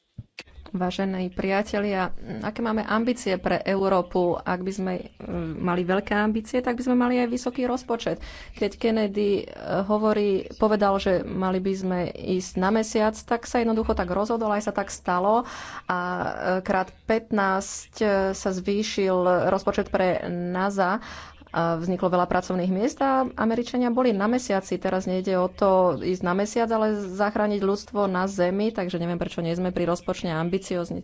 Vážení priatelia, aké máme ambície pre Európu? Ak by sme e, mali veľké ambície, tak by sme mali aj vysoký rozpočet. Keď Kennedy e, hovorí, povedal, že mali by sme ísť na mesiac, tak sa jednoducho tak rozhodol, aj sa tak stalo a e, krát 15 sa zvýšil rozpočet pre NASA vzniklo veľa pracovných miest a Američania boli na mesiaci. Teraz nejde o to ísť na mesiac, ale zachrániť ľudstvo na Zemi, takže neviem, prečo nie sme pri rozpočne ambiciozni.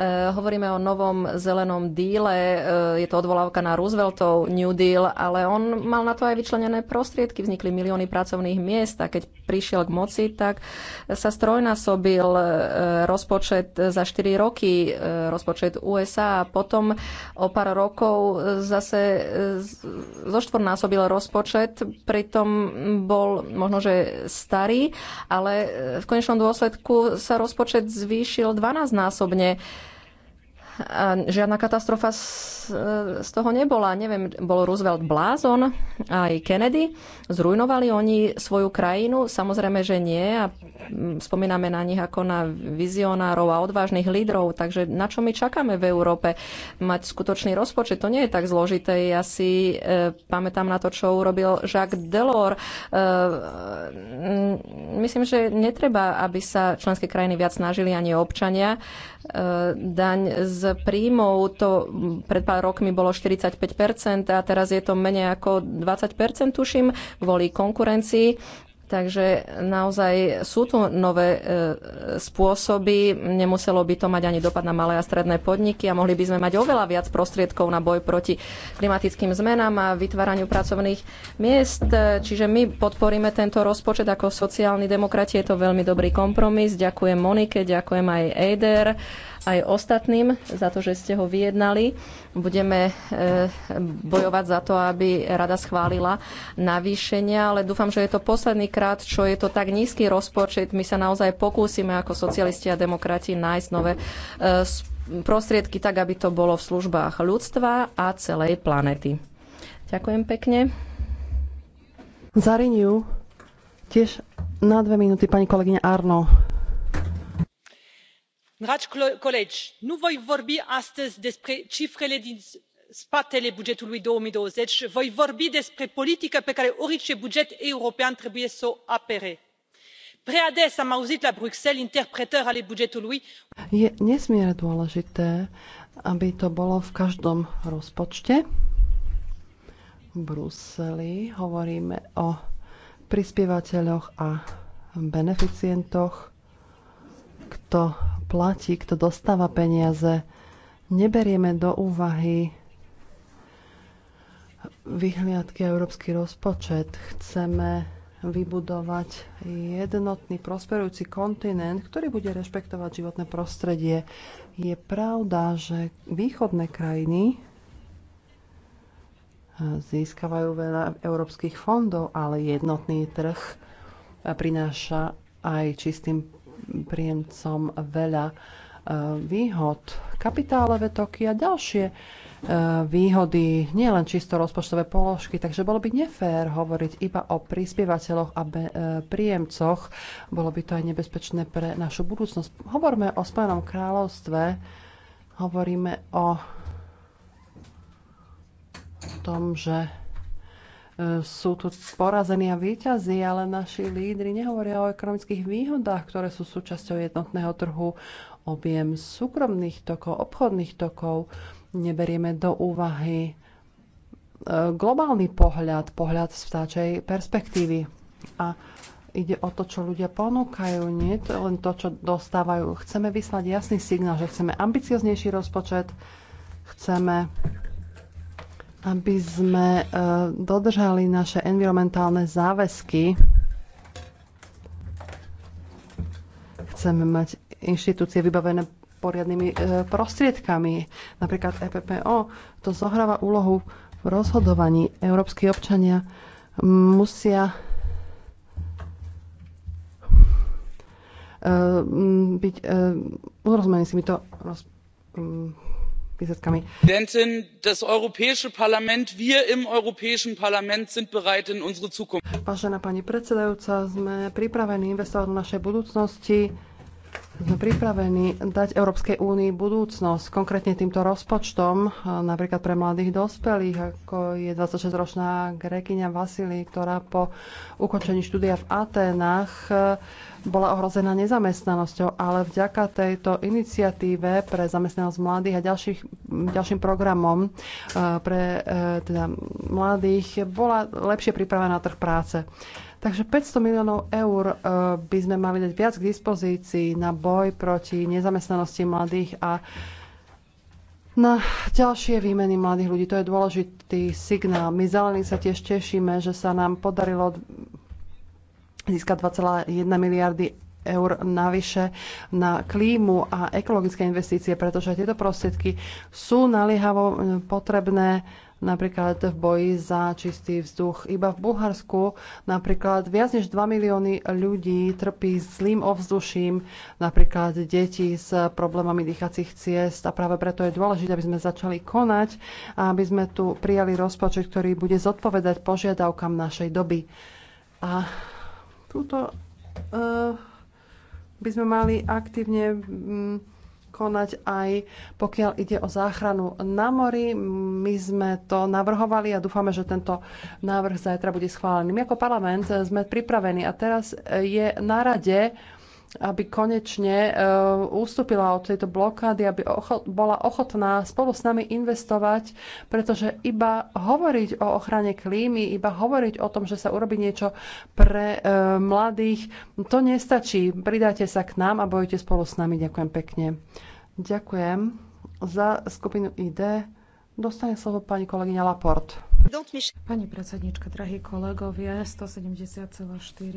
E, hovoríme o novom zelenom díle, e, je to odvolávka na Rooseveltov New Deal, ale on mal na to aj vyčlenené prostriedky, vznikli milióny pracovných miest a keď prišiel k moci, tak sa strojnásobil e, rozpočet za 4 roky, rozpočet USA a potom o pár rokov zase zoštvornásobil rozpočet, pritom bol možno, že starý, ale v konečnom dôsledku sa rozpočet zvýšil 12-násobne. A žiadna katastrofa e, z toho nebola. Neviem, bol Roosevelt blázon, aj Kennedy. Zrujnovali oni svoju krajinu? Samozrejme, že nie. A spomíname na nich ako na vizionárov a odvážnych lídrov, takže na čo my čakáme v Európe? Mať skutočný rozpočet, to nie je tak zložité. Ja si e, pamätám na to, čo urobil Jacques Delors. E, myslím, že netreba, aby sa členské krajiny viac snažili ani občania. E, daň z príjmov, to pred pár rokmi bolo 45% a teraz je to menej ako 20%, tuším, kvôli konkurencii. Takže naozaj sú tu nové e, spôsoby, nemuselo by to mať ani dopad na malé a stredné podniky a mohli by sme mať oveľa viac prostriedkov na boj proti klimatickým zmenám a vytváraniu pracovných miest. Čiže my podporíme tento rozpočet ako sociálni demokrati. Je to veľmi dobrý kompromis. Ďakujem Monike, ďakujem aj Eider aj ostatným za to, že ste ho vyjednali. Budeme e, bojovať za to, aby rada schválila navýšenia, ale dúfam, že je to posledný krát, čo je to tak nízky rozpočet. My sa naozaj pokúsime ako socialisti a demokrati nájsť nové e, prostriedky tak, aby to bolo v službách ľudstva a celej planety. Ďakujem pekne. Zariňu tiež na dve minúty pani kolegyňa Arno dragi colegi nu voi vorbi astăzi despre cifrele din spatele bugetului două mii douăzeci voi vorbi despre politică pe care orice buget european trebuie să o apere. prea des am auzit la bruxelles interpretări ale bugetului. je nesmierne dôležité aby to bolo v každom rozpočte. v bruseli hovoríme o prispievateľoch a beneficientoch kto platí, kto dostáva peniaze. Neberieme do úvahy vyhliadky a európsky rozpočet. Chceme vybudovať jednotný prosperujúci kontinent, ktorý bude rešpektovať životné prostredie. Je pravda, že východné krajiny eh, získavajú veľa európskych fondov, ale jednotný trh prináša aj čistým príjemcom veľa e, výhod, kapitálové toky a ďalšie e, výhody, nielen čisto rozpočtové položky, takže bolo by nefér hovoriť iba o prispievateľoch a e, príjemcoch. Bolo by to aj nebezpečné pre našu budúcnosť. Hovoríme o Spojenom kráľovstve, hovoríme o tom, že E, sú tu porazení a výťazí, ale naši lídry nehovoria o ekonomických výhodách, ktoré sú súčasťou jednotného trhu, objem súkromných tokov, obchodných tokov. Neberieme do úvahy e, globálny pohľad, pohľad z vtáčej perspektívy. A ide o to, čo ľudia ponúkajú, nie to len to, čo dostávajú. Chceme vyslať jasný signál, že chceme ambicioznejší rozpočet, chceme aby sme e, dodržali naše environmentálne záväzky. Chceme mať inštitúcie vybavené poriadnymi e, prostriedkami, napríklad EPPO. To zohráva úlohu v rozhodovaní. Európsky občania musia e, byť urozumení s týmito präsidentin! das europäische parlament wir im europäischen parlament sind bereit in unsere zukunft. zu investieren sme pripravení dať Európskej únii budúcnosť, konkrétne týmto rozpočtom, eh, napríklad pre mladých dospelých, ako je 26-ročná Grekyňa Vasily, ktorá po ukončení štúdia v Aténach eh, bola ohrozená nezamestnanosťou, ale vďaka tejto iniciatíve pre zamestnanosť mladých a ďalších, ďalším programom eh, pre teda, mladých bola lepšie pripravená trh práce. Takže 500 miliónov eur e, by sme mali dať viac k dispozícii na boj proti nezamestnanosti mladých a na ďalšie výmeny mladých ľudí. To je dôležitý signál. My zelení sa tiež tešíme, že sa nám podarilo získať 2,1 miliardy eur navyše na klímu a ekologické investície, pretože tieto prostriedky sú naliehavo potrebné napríklad v boji za čistý vzduch. Iba v Bulharsku napríklad viac než 2 milióny ľudí trpí zlým ovzduším, napríklad deti s problémami dýchacích ciest a práve preto je dôležité, aby sme začali konať a aby sme tu prijali rozpočet, ktorý bude zodpovedať požiadavkám našej doby. A túto uh, by sme mali aktívne um, konať aj pokiaľ ide o záchranu na mori. My sme to navrhovali a dúfame, že tento návrh zajtra bude schválený. My ako parlament sme pripravení a teraz je na rade, aby konečne ústupila e, od tejto blokády, aby ocho- bola ochotná spolu s nami investovať, pretože iba hovoriť o ochrane klímy, iba hovoriť o tom, že sa urobí niečo pre e, mladých, to nestačí. Pridáte sa k nám a bojujte spolu s nami. Ďakujem pekne. Ďakujem. Za skupinu ID dostane slovo pani kolegyňa Laport. Pani predsednička, drahí kolegovia, 170,4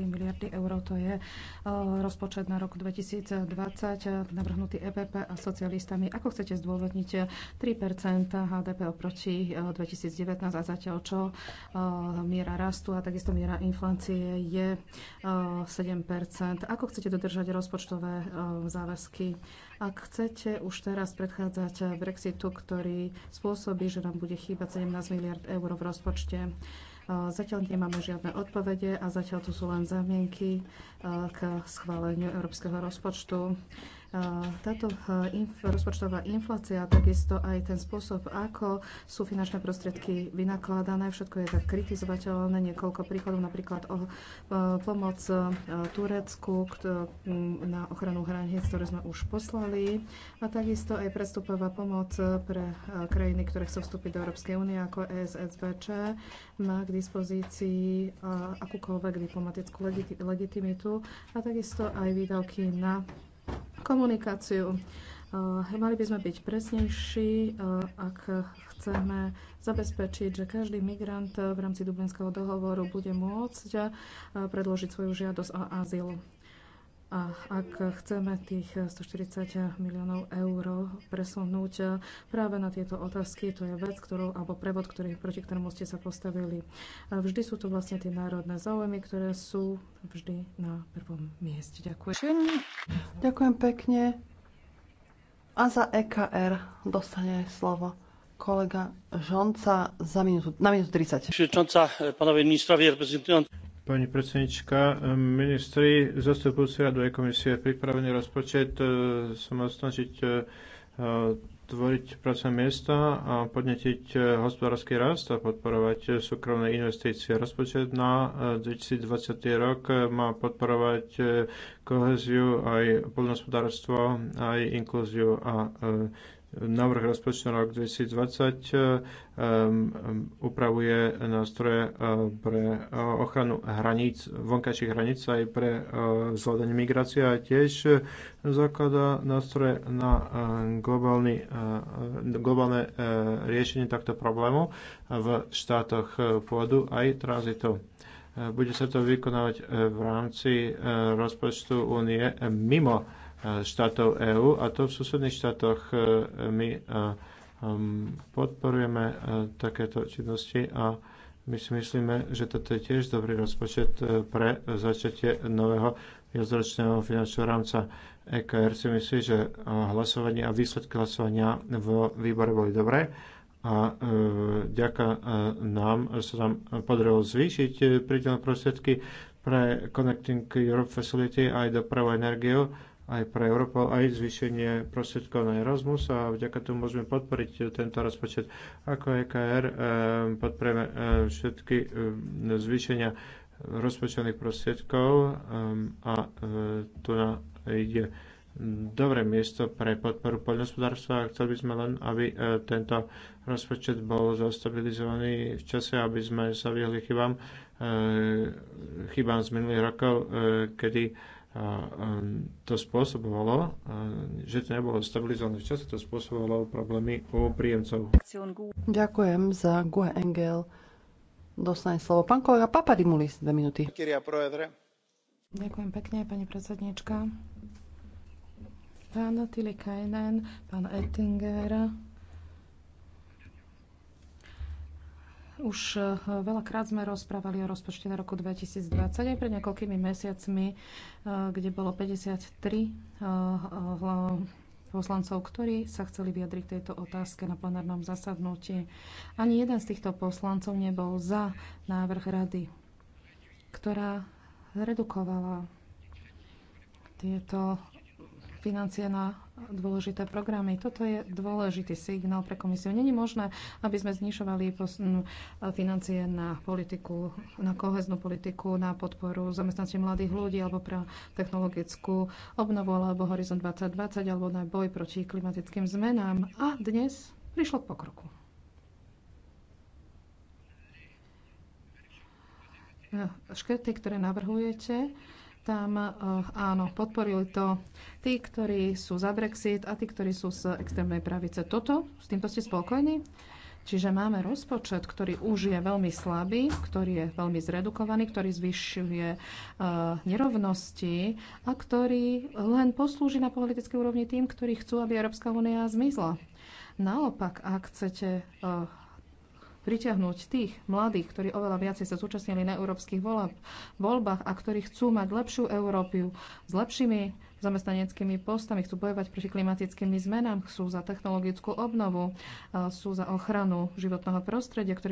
miliardy eur to je eh, rozpočet na rok 2020 eh, navrhnutý EPP a socialistami. Ako chcete zdôvodniť 3 eh, HDP oproti 2019 a zatiaľ čo miera rastu a takisto miera inflácie je 7 Ako chcete dodržať rozpočtové záväzky ak chcete už teraz predchádzať Brexitu, ktorý spôsobí, že nám bude chýbať 17 miliard eur v rozpočte, e, Zatiaľ nemáme žiadne odpovede a zatiaľ tu sú len zamienky e, k schváleniu európskeho rozpočtu. Táto e, inf- rozpočtová inflácia, takisto aj ten spôsob, ako sú finančné prostriedky vynakladané, všetko je tak kritizovateľné. Niekoľko príkladov, napríklad o e, pomoc e, Turecku na ochranu hraníc, ktoré sme už poslali, a takisto aj predstupová pomoc pre krajiny, ktoré chcú vstúpiť do Európskej únie, ako ESSBČ, má k dispozícii akúkoľvek diplomatickú legitimitu a takisto aj výdavky na komunikáciu. Eh, mali by sme byť presnejší, eh, ak chceme zabezpečiť, že každý migrant eh, v rámci Dublinského dohovoru bude môcť predložiť svoju žiadosť o azyl. A ak chceme tých 140 miliónov eur presunúť práve na tieto otázky, to je vec, ktorú, alebo prevod, ktorý, proti ktorému ste sa postavili. A vždy sú to vlastne tie národné záujmy, ktoré sú vždy na prvom mieste. Ďakujem. Ďakujem pekne. A za EKR dostane slovo kolega Žonca za minútu, na minútu 30. Žonca, panowie ministrovi, reprezentujem. Pani predsednička, ministri zastupujúci radu komisie pripravený rozpočet e, sa má snažiť e, tvoriť pracovné miesta a podnetiť e, hospodársky rast a podporovať súkromné investície. Rozpočet na 2020 rok má podporovať koheziu, aj poľnohospodárstvo, aj inklúziu a Návrh rozpočtu na rok 2020 eh, upravuje nástroje eh, pre eh, ochranu hraníc, vonkajších hraníc aj pre zvládanie migrácie a tiež zaklada nástroje na globálny, globálne riešenie takto problému v štátoch pôdu aj tranzitu. Bude sa to vykonávať v rámci rozpočtu únie mimo E, štátov EÚ a to v susedných štátoch e, my e, podporujeme takéto činnosti a my si myslíme, že toto je tiež dobrý rozpočet pre začatie nového viacročného finančného rámca. EKR si myslí, že hlasovanie a výsledky hlasovania v výbore boli dobré a ďaká e, nám sa nám podarilo zvýšiť e, prídelné prostriedky pre Connecting Europe Facility aj dopravu energiu aj pre Európu, aj zvýšenie prostriedkov na Erasmus a vďaka tomu môžeme podporiť tento rozpočet. Ako EKR eh, podporujeme eh, všetky eh, zvýšenia rozpočtených prostriedkov a tu na ide dobré miesto pre podporu poľnohospodárstva a chceli by sme len, aby tento rozpočet bol zostabilizovaný v čase, aby sme sa vyhli chybám, chybám z minulých rokov, kedy to spôsobovalo, že to nebolo stabilizované v čase, to spôsobovalo problémy u príjemcov. Ďakujem za Gue Engel. Dostane slovo pán kolega Papadimulis, dve minúty. Ďakujem pekne, pani predsednička. Pán Tilikainen, pán Ettinger, Už e, veľakrát sme rozprávali o rozpočte na roku 2020, aj pred niekoľkými mesiacmi, e, kde bolo 53 e, poslancov, ktorí sa chceli vyjadriť tejto otázke na plenárnom zasadnutí. Ani jeden z týchto poslancov nebol za návrh rady, ktorá zredukovala tieto financie na dôležité programy. Toto je dôležitý signál pre komisiu. Není možné, aby sme znišovali financie na politiku, na koheznú politiku, na podporu zamestnancí mladých ľudí alebo pre technologickú obnovu alebo Horizon 2020 alebo na boj proti klimatickým zmenám. A dnes prišlo k pokroku. Škrty, ktoré navrhujete, tam eh, áno, podporili to tí, ktorí sú za Brexit a tí, ktorí sú z extrémnej pravice. Toto, s týmto ste spokojní? Čiže máme rozpočet, ktorý už je veľmi slabý, ktorý je veľmi zredukovaný, ktorý zvyšuje uh, nerovnosti a ktorý len poslúži na politickej úrovni tým, ktorí chcú, aby Európska únia zmizla. Naopak, ak chcete uh, priťahnúť tých mladých, ktorí oveľa viacej sa zúčastnili na európskych voľbách a ktorí chcú mať lepšiu Európiu s lepšími zamestnaneckými postami, chcú bojovať proti klimatickým zmenám, chcú za technologickú obnovu, sú za ochranu životného prostredia,